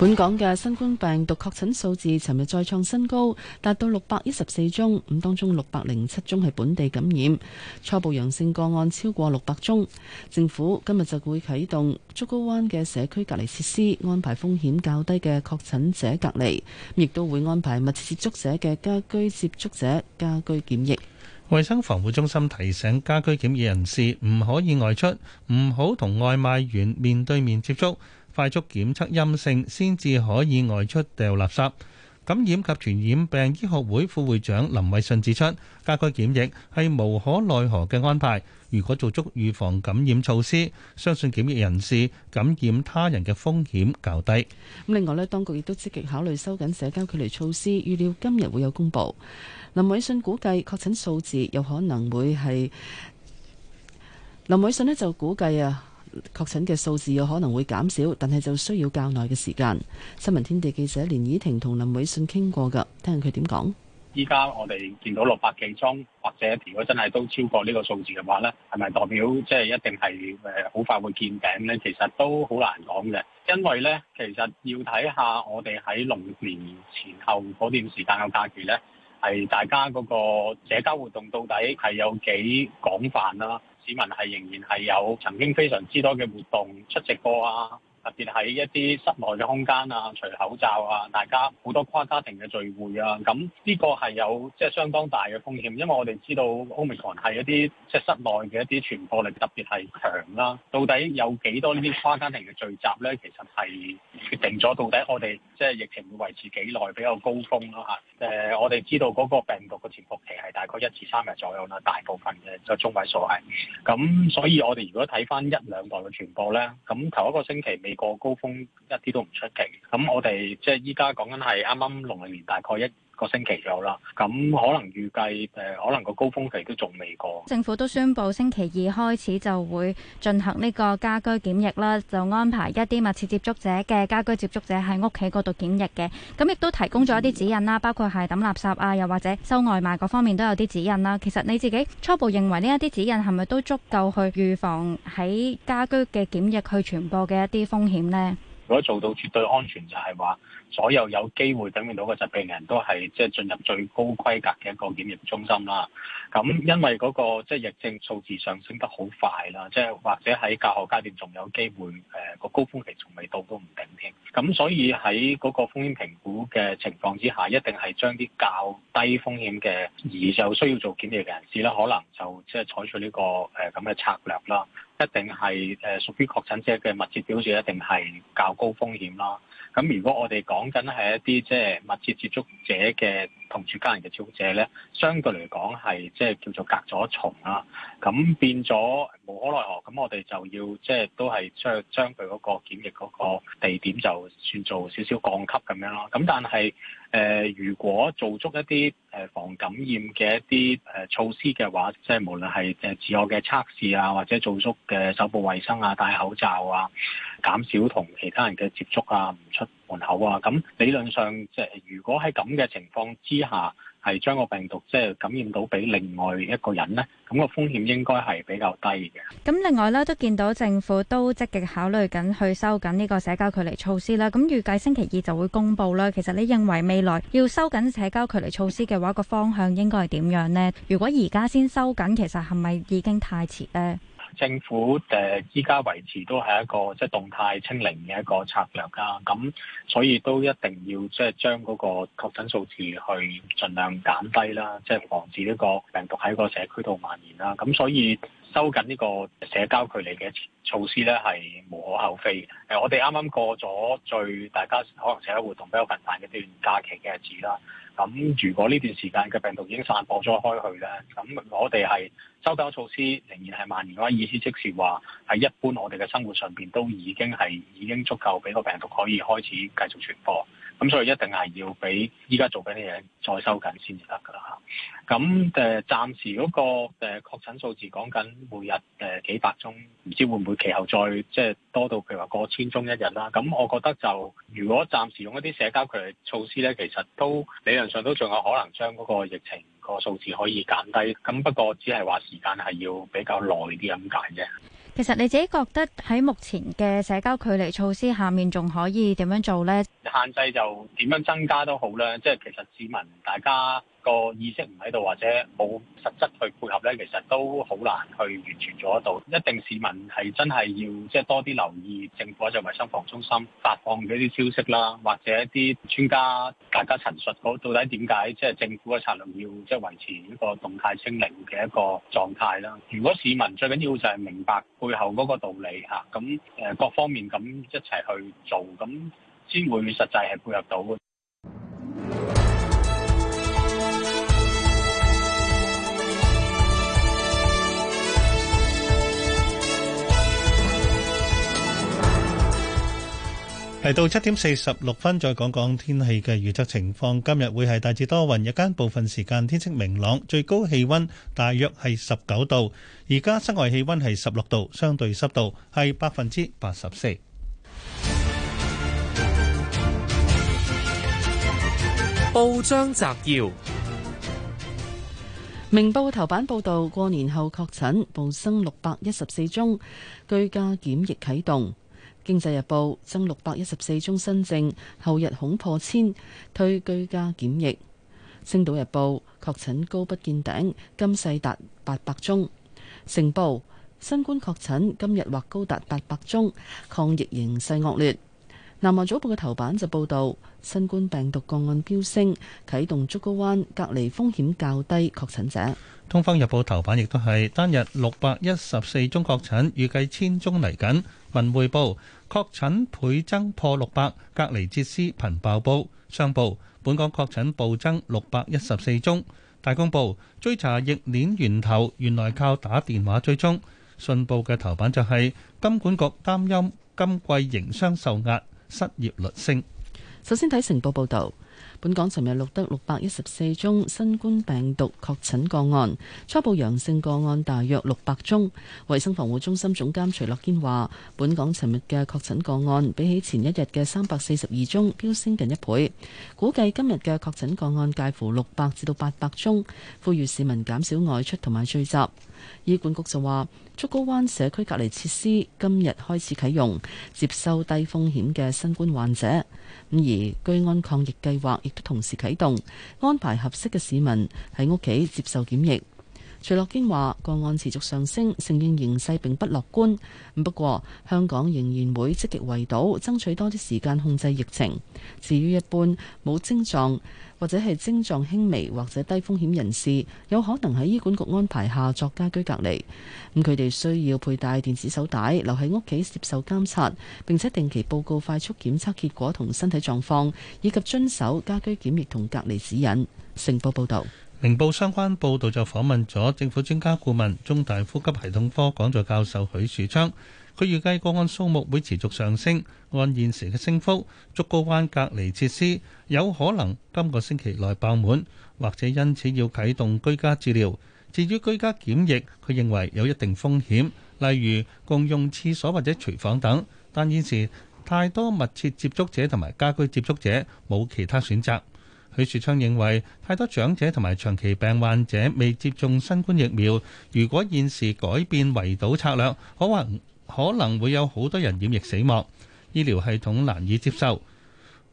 本港嘅新冠病毒確診數字尋日再創新高，達到六百一十四宗，咁當中六百零七宗係本地感染，初步陽性個案超過六百宗。政府今日就會啟動竹篙灣嘅社區隔離設施，安排風險較低嘅確診者隔離，亦都會安排密切接觸者嘅家居接觸者家居檢疫。衛生防護中心提醒家居檢疫人士唔可以外出，唔好同外賣員面對面接觸。快速檢測陰性先至可以外出掉垃圾。感染及傳染病醫學會副會長林偉信指出，家居檢疫係無可奈何嘅安排。如果做足預防感染措施，相信檢疫人士感染他人嘅風險較低。咁另外呢，當局亦都積極考慮收緊社交距離措施，預料今日會有公佈。林偉信估計確診數字有可能會係。林偉信呢就估計啊，確診嘅數字有可能會減少，但係就需要較耐嘅時間。新聞天地記者連以婷同林偉信傾過噶，聽下佢點講。依家我哋見到六百幾宗，或者如果真係都超過呢個數字嘅話咧，係咪代表即係一定係誒好快會見頂咧？其實都好難講嘅，因為咧，其實要睇下我哋喺龍年前後嗰段時間嘅假期咧，係大家嗰個社交活動到底係有幾廣泛啦、啊。市民係仍然係有曾經非常之多嘅活動出席過啊。特別喺一啲室內嘅空間啊，除口罩啊，大家好多跨家庭嘅聚會啊，咁呢個係有即係、就是、相當大嘅風險，因為我哋知道 Omicron 係一啲即係室內嘅一啲傳播力特別係強啦。到底有幾多呢啲跨家庭嘅聚集呢？其實係決定咗到底我哋即係疫情會維持幾耐比較高峰啦、啊、嚇。誒、呃，我哋知道嗰個病毒嘅潛伏期係大概一至三日左右啦，大部分嘅就中位數係。咁所以我哋如果睇返一兩代嘅傳播呢，咁頭一個星期未。個高峰一啲都唔出奇，咁我哋即係依家講緊係啱啱農曆年大概一。個星期左右啦，咁可能預計誒、呃，可能個高峰期都仲未過。政府都宣布星期二開始就會進行呢個家居檢疫啦，就安排一啲密切接觸者嘅家居接觸者喺屋企嗰度檢疫嘅。咁亦都提供咗一啲指引啦，包括係抌垃圾啊，又或者收外賣各方面都有啲指引啦。其實你自己初步認為呢一啲指引係咪都足夠去預防喺家居嘅檢疫去傳播嘅一啲風險呢？如果做到絕對安全就，就係話。所有有機會感染到個疾病人，都係即係進入最高規格嘅一個檢疫中心啦。咁因為嗰個即係疫症數字上升得好快啦，即係或者喺教學階段仲有機會誒個高峰期仲未到都唔定添。咁所以喺嗰個風險評估嘅情況之下，一定係將啲較低風險嘅而就需要做檢疫嘅人士咧，可能就即係採取呢個誒咁嘅策略啦。一定係誒屬於確診者嘅密切接觸者，一定係較高風險啦。咁，嗯，如果我哋講緊係一啲即係密切接觸者嘅。同住家人嘅照顧者咧，相對嚟講係即係叫做隔咗一重啦，咁變咗無可奈何，咁我哋就要即係都係將將佢嗰個檢疫嗰個地點，就算做少少降級咁樣咯。咁但係誒、呃，如果做足一啲誒防感染嘅一啲誒措施嘅話，即係無論係誒自我嘅測試啊，或者做足嘅手部衛生啊，戴口罩啊，減少同其他人嘅接觸啊，唔出門口啊，咁理論上，即係如果喺咁嘅情況之下，係將個病毒即係感染到俾另外一個人呢，咁個風險應該係比較低嘅。咁另外咧，都見到政府都積極考慮緊去收緊呢個社交距離措施啦。咁預計星期二就會公布啦。其實你認為未來要收緊社交距離措施嘅話，個方向應該係點樣呢？如果而家先收緊，其實係咪已經太遲呢？政府誒依家維持都係一個即係、就是、動態清零嘅一個策略啦、啊，咁所以都一定要即係將嗰個確診數字去盡量減低啦，即、就、係、是、防止呢個病毒喺個社區度蔓延啦、啊。咁所以收緊呢個社交距離嘅措施咧，係無可厚非。誒、呃，我哋啱啱過咗最大家可能社交活動比較頻繁嘅一段假期嘅日子啦。咁如果呢段時間嘅病毒已經散播咗開去呢，咁我哋係收緊措施，仍然係蔓延嘅話，意思即是話喺一般我哋嘅生活上邊都已經係已經足夠俾個病毒可以開始繼續傳播。咁、嗯、所以一定係要俾依家做緊啲嘢再收緊先至得噶啦嚇。咁誒，暫、嗯、時嗰個誒確診數字講緊每日誒幾百宗，唔知會唔會其後再即係多到譬如話過千宗一日啦。咁我覺得就如果暫時用一啲社交距離措施咧，其實都理論上都仲有可能將嗰個疫情個數字可以減低。咁不過只係話時間係要比較耐啲咁解啫。嗯其實你自己覺得喺目前嘅社交距離措施下面，仲可以點樣做呢？限制就點樣增加都好啦，即係其實市民大家個意識唔喺度，或者冇實質去配合呢，其實都好難去完全做得到。一定市民係真係要即係、就是、多啲留意政府或者衛生防護中心發放嘅一啲消息啦，或者一啲專家大家陳述到底點解即係政府嘅策略要即係、就是、維持呢個動態清零嘅一個狀態啦。如果市民最緊要就係明白背後嗰個道理吓，咁誒各方面咁一齊去做，咁先會實際係配合到。嚟到七點四十六分，再講講天氣嘅預測情況。今日會係大致多雲，日間部分時間天色明朗，最高氣溫大約係十九度。而家室外氣溫係十六度，相對濕度係百分之八十四。報章摘要：明報頭版報道，過年後確診暴升六百一十四宗，居家檢疫啟動。經濟日報增六百一十四宗新症，後日恐破千，推居家檢疫。星島日報確診高不見頂，今世達八百宗。成報新冠確診今日或高達八百宗，抗疫形勢惡劣。南華早報嘅頭版就報道新冠病毒個案飆升，啟動竹篙灣隔離，風險較低確診者。東方日報頭版亦都係單日六百一十四宗確診，預計千宗嚟緊。文匯報確診倍增破六百，隔離設施頻爆煲。商報：本港確診暴增六百一十四宗。大公報：追查疫鏈源頭，原來靠打電話追蹤。信報嘅頭版就係金管局擔心今季營商受壓，失業率升。首先睇成報報道。本港尋日錄得六百一十四宗新冠病毒確診個案，初步陽性個案大約六百宗。衛生防護中心總監徐樂堅話，本港尋日嘅確診個案比起前一日嘅三百四十二宗，飆升近一倍。估計今日嘅確診個案介乎六百至到八百宗，呼籲市民減少外出同埋聚集。醫管局就話，竹篙灣社區隔離設施今日開始啟用，接收低風險嘅新冠患者。咁而居安抗疫計劃亦都同時啟動，安排合適嘅市民喺屋企接受檢疫。徐樂堅話，個案持續上升，承認形勢並不樂觀。不過，香港仍然會積極圍堵，爭取多啲時間控制疫情。至於一般冇徵狀。或者係症狀輕微或者低風險人士，有可能喺醫管局安排下作家居隔離。咁佢哋需要佩戴電子手帶，留喺屋企接受監察，並且定期報告快速檢測結果同身體狀況，以及遵守家居檢疫同隔離指引。成報報導，明報相關報導就訪問咗政府專家顧問、中大呼吸系統科講座教授許樹昌。佢預計個案數目會持續上升，按現時嘅升幅，竹篙灣隔離設施有可能今個星期內爆滿，或者因此要啟動居家治療。至於居家檢疫，佢認為有一定風險，例如共用廁所或者廚房等。但現時太多密切接觸者同埋家居接觸者冇其他選擇。許樹昌認為太多長者同埋長期病患者未接種新冠疫苗，如果現時改變圍堵策略，可能，可能會有好多人染疫死亡，醫療系統難以接受。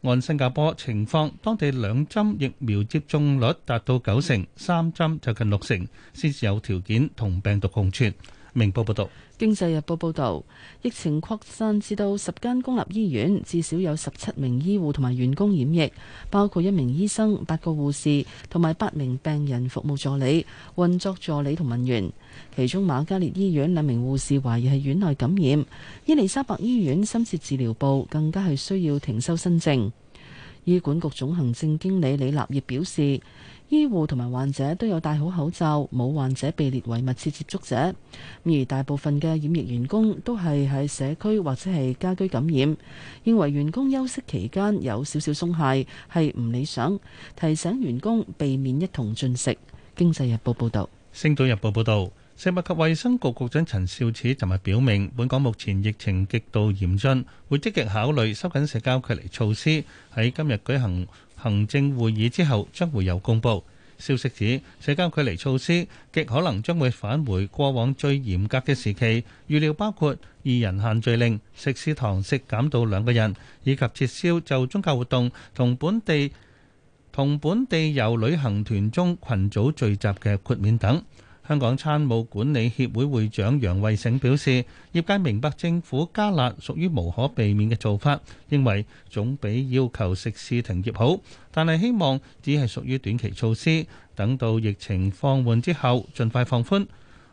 按新加坡情況，當地兩針疫苗接種率達到九成，三針就近六成，先至有條件同病毒共存。明報報道。經濟日報報導，疫情擴散至到十間公立醫院，至少有十七名醫護同埋員工染疫，包括一名醫生、八個護士同埋八名病人服務助理、運作助理同文員。其中瑪嘉烈醫院兩名護士懷疑係院內感染，伊利沙伯醫院深切治療部更加係需要停收新症。醫管局總行政經理李立業表示。醫護同埋患者都有戴好口罩，冇患者被列為密切接觸者。而大部分嘅染疫員工都係喺社區或者係家居感染，認為員工休息期間有少少鬆懈係唔理想，提醒員工避免一同進食。經濟日報報道。《星島日報》報道，食物及衛生局局長陳肇始尋日表明，本港目前疫情極度嚴峻，會積極考慮收緊社交距離措施。喺今日舉行，行政會議之後將會有公佈。消息指社交距離措施極可能將會返回過往最嚴格嘅時期，預料包括二人限聚令、食肆堂食減到兩個人，以及撤銷就宗教活動同本地同本地遊旅行團中群組聚集嘅豁免等。香港餐務管理協會會長楊惠醒表示，業界明白政府加辣屬於無可避免嘅做法，認為總比要求食肆停業好，但係希望只係屬於短期措施，等到疫情放緩之後，盡快放寬。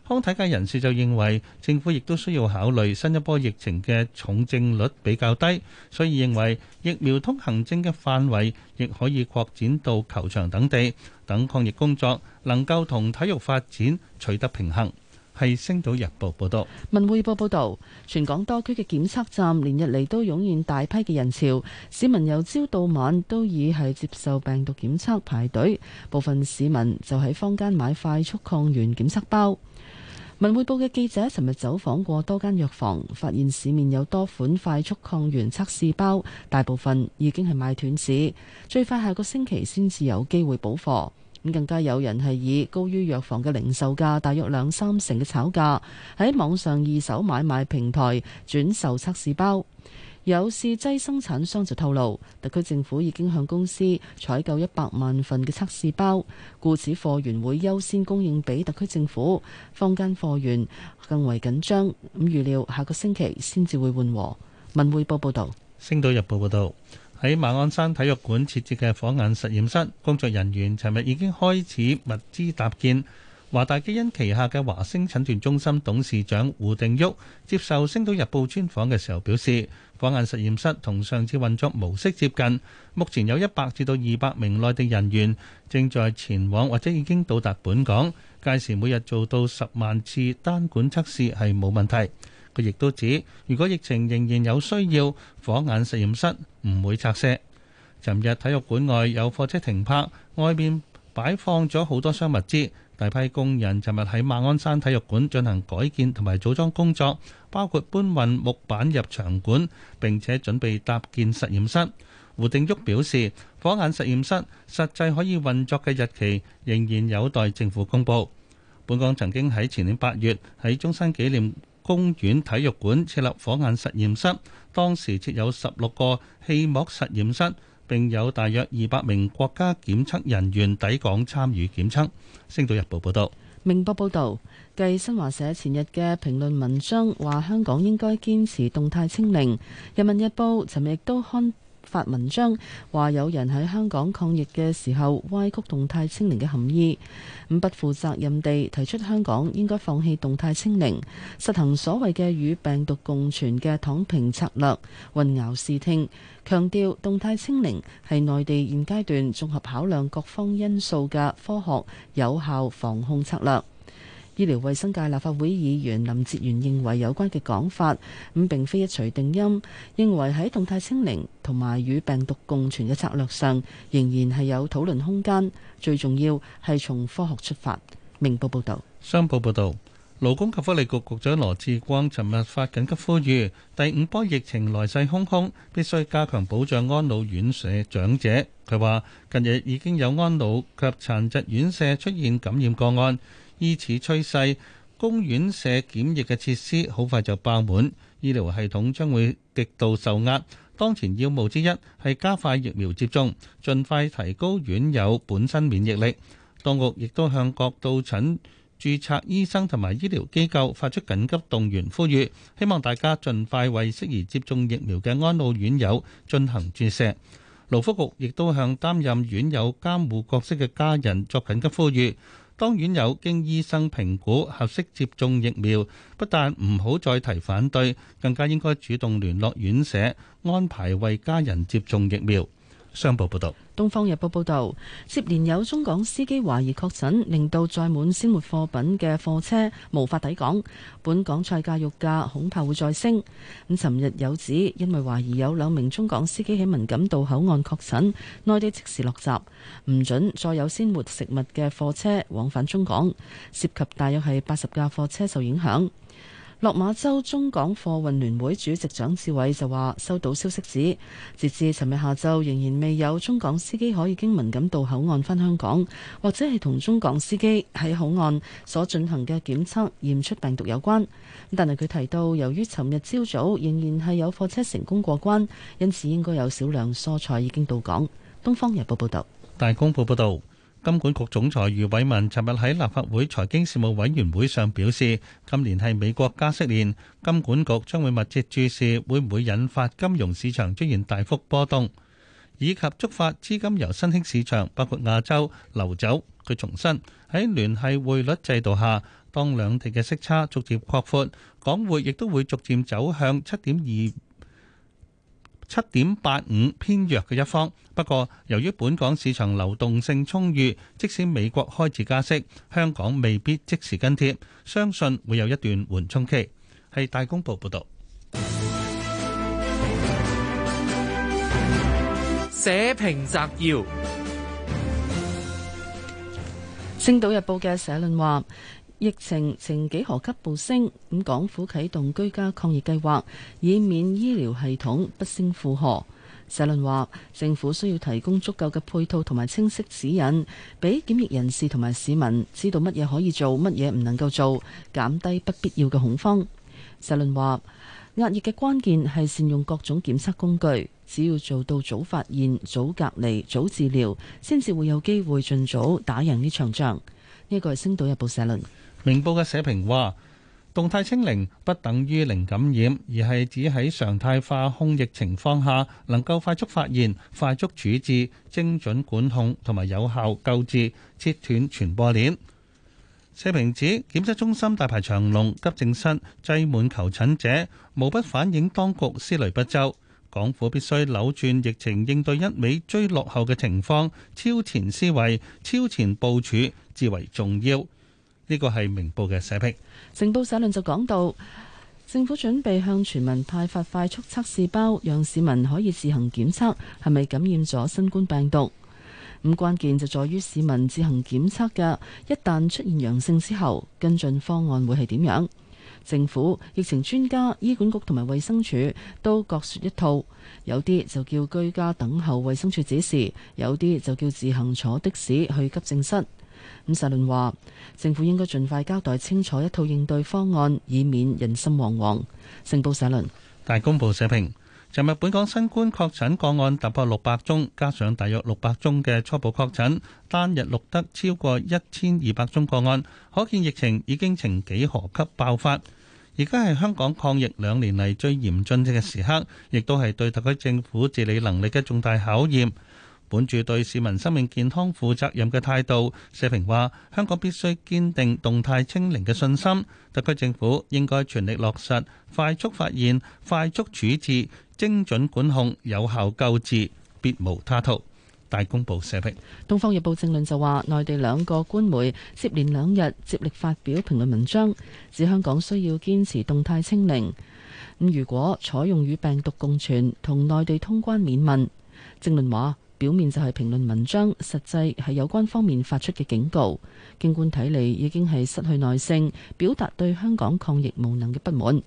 康體界人士就認為，政府亦都需要考慮新一波疫情嘅重症率比較低，所以認為疫苗通行證嘅範圍亦可以擴展到球場等地，等抗疫工作，能夠同體育發展取得平衡，係《星島日報》報道。文匯報報導，全港多區嘅檢測站連日嚟都湧現大批嘅人潮，市民由朝到晚都已係接受病毒檢測排隊，部分市民就喺坊間買快速抗原檢測包。文匯報嘅記者尋日走訪過多間藥房，發現市面有多款快速抗原測試包，大部分已經係賣斷市，最快下個星期先至有機會補貨。咁更加有人係以高於藥房嘅零售價，大約兩三成嘅炒價，喺網上二手買賣平台轉售測試包。有試劑生產商就透露，特區政府已經向公司採購一百萬份嘅測試包，故此貨源會優先供應俾特區政府，坊間貨源更為緊張。咁預料下個星期先至會緩和。文匯報報道。《星島日報》報道。喺馬鞍山體育館設置嘅火眼實驗室，工作人員尋日已經開始物資搭建。華大基因旗下嘅華星診斷中心董事長胡定旭接受《星島日報》專訪嘅時候表示，火眼實驗室同上次運作模式接近。目前有一百至到二百名內地人員正在前往或者已經到達本港，屆時每日做到十萬次單管測試係冇問題。佢亦都指，如果疫情仍然有需要，火眼實驗室唔會拆卸。尋日體育館外有貨車停泊，外面擺放咗好多箱物資。大批工人尋日喺馬鞍山體育館進行改建同埋組裝工作，包括搬運木板入場館，並且準備搭建實驗室。胡定旭表示，火眼實驗室實際可以運作嘅日期仍然有待政府公布。本港曾經喺前年八月喺中山紀念公園體育館設立火眼實驗室。當時設有十六個氣膜實驗室，並有大約二百名國家檢測人員抵港參與檢測。星島日報報道：「明報報道，繼新華社前日嘅評論文章話香港應該堅持動態清零，人民日報尋日亦都刊。發文章，話有人喺香港抗疫嘅時候歪曲動態清零嘅含義，咁不負責任地提出香港應該放棄動態清零，實行所謂嘅與病毒共存嘅躺平策略，混淆視聽，強調動態清零係內地現階段綜合考量各方因素嘅科學有效防控策略。醫療衛生界立法會議員林哲元認為有關嘅講法咁並非一錘定音，認為喺動態清零同埋與病毒共存嘅策略上，仍然係有討論空間。最重要係從科學出發。明報報導，商報報導，勞工及福利局局長羅志光尋日發緊急呼籲，第五波疫情來勢洶洶，必須加強保障安老院舍長者。佢話：近日已經有安老及殘疾院舍出現感染個案。依此趨勢，公院舍檢疫嘅設施好快就爆滿，醫療系統將會極度受壓。當前要務之一係加快疫苗接種，盡快提高院友本身免疫力。當局亦都向各到診註冊醫生同埋醫療機構發出緊急動員呼籲，希望大家盡快為適宜接種疫苗嘅安老院友進行注射。勞福局亦都向擔任院友監護角色嘅家人作緊急呼籲。當院友經醫生評估合適接種疫苗，不但唔好再提反對，更加應該主動聯絡院舍，安排為家人接種疫苗。商報報道，東方日報報道，接連有中港司機懷疑確診，令到載滿鮮活貨品嘅貨車無法抵港，本港菜價肉價恐怕會再升。咁，尋日有指，因為懷疑有兩名中港司機喺文錦渡口岸確診，內地即時落閘，唔準再有鮮活食物嘅貨車往返中港，涉及大約係八十架貨車受影響。落馬洲中港貨運聯會主席蔣志偉就話：收到消息指，截至尋日下晝，仍然未有中港司機可以經敏感道口岸返香港，或者係同中港司機喺口岸所進行嘅檢測驗出病毒有關。但係佢提到，由於尋日朝早仍然係有貨車成功過關，因此應該有少量蔬菜已經到港。《東方日報》報道，《大公報》報導。金管局總裁余偉文尋日喺立法會財經事務委員會上表示，今年係美國加息年，金管局將會密切注視會唔會引發金融市場出現大幅波動，以及觸發資金由新興市場包括亞洲流走。佢重申，喺聯繫匯率制度下，當兩地嘅息差逐漸擴闊，港匯亦都會逐漸走向七點二。七點八五偏弱嘅一方，不過由於本港市場流動性充裕，即使美國開始加息，香港未必即時跟貼，相信會有一段緩衝期。係大公報報道，社評摘要，《星島日報》嘅社論話。疫情呈幾何級暴升，咁港府啟動居家抗疫計劃，以免醫療系統不勝負荷。社論話：政府需要提供足夠嘅配套同埋清晰指引，俾檢疫人士同埋市民知道乜嘢可以做，乜嘢唔能夠做，減低不必要嘅恐慌。社論話：壓抑嘅關鍵係善用各種檢測工具，只要做到早發現、早隔離、早治療，先至會有機會盡早打贏呢場仗。呢個係星島日報社論。明報嘅社評話：動態清零不等於零感染，而係指喺常態化空疫情況下，能夠快速發現、快速處置、精準管控同埋有效救治，切斷傳播鏈。社評指檢測中心大排長龍、急症室擠滿求診者，無不反映當局思慮不周。港府必須扭轉疫情應對一味追落後嘅情況，超前思維、超前部署至為重要。呢個係明報嘅社評，成報社論就講到政府準備向全民派發快速測試包，讓市民可以自行檢測係咪感染咗新冠病毒。咁關鍵就在於市民自行檢測嘅，一旦出現陽性之後，跟進方案會係點樣？政府、疫情專家、醫管局同埋衛生署都各説一套，有啲就叫居家等候衛生署指示，有啲就叫自行坐的士去急症室。伍世倫話：政府應該盡快交代清楚一套應對方案，以免人心惶惶。成報社論、大公報社評。尋日本港新冠確診個案突破六百宗，加上大約六百宗嘅初步確診，單日錄得超過一千二百宗個案，可見疫情已經呈幾何級爆發。而家係香港抗疫兩年嚟，最嚴峻嘅時刻，亦都係對特區政府治理能力嘅重大考驗。本住對市民生命健康負責任嘅態度，社評話：香港必須堅定動態清零嘅信心，特區政府應該全力落實快速發現、快速處置、精準管控、有效救治，別無他途。大公報社評，《東方日報》正論就話：內地兩個官媒接連兩日接力發表評論文章，指香港需要堅持動態清零。咁如果採用與病毒共存，同內地通關免問，正論話。表面就係評論文章，實際係有關方面發出嘅警告。京官睇嚟已經係失去耐性，表達對香港抗疫無能嘅不滿。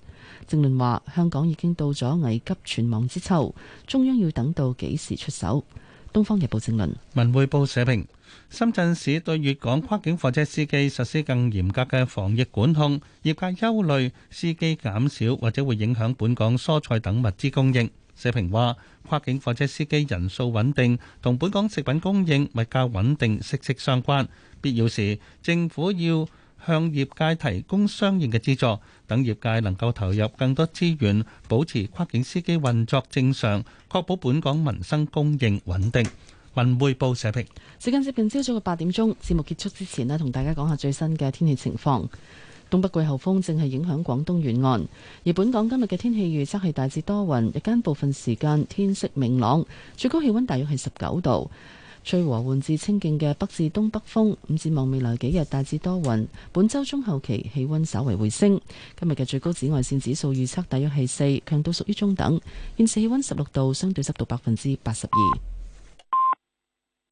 政論話香港已經到咗危急存亡之秋，中央要等到幾時出手？《東方日報》政論，《文匯報》社評：深圳市對粵港跨境貨車司機實施更嚴格嘅防疫管控，業界憂慮司機減少或者會影響本港蔬菜等物資供應。社評話，跨境貨車司機人數穩定，同本港食品供應物價穩、物價穩定息息相關。必要時，政府要向業界提供相應嘅資助，等業界能夠投入更多資源，保持跨境司機運作正常，確保本港民生供應穩定。文匯報社評。時間接近朝早嘅八點鐘，節目結束之前咧，同大家講下最新嘅天氣情況。東北季候風正係影響廣東沿岸，而本港今日嘅天氣預測係大致多雲，日間部分時間天色明朗，最高氣溫大約係十九度，吹和緩至清勁嘅北至東北風。咁展望未來幾日大致多雲，本周中後期氣溫稍為回升。今日嘅最高紫外線指數預測大約係四，強度屬於中等。現時氣溫十六度，相對濕度百分之八十二。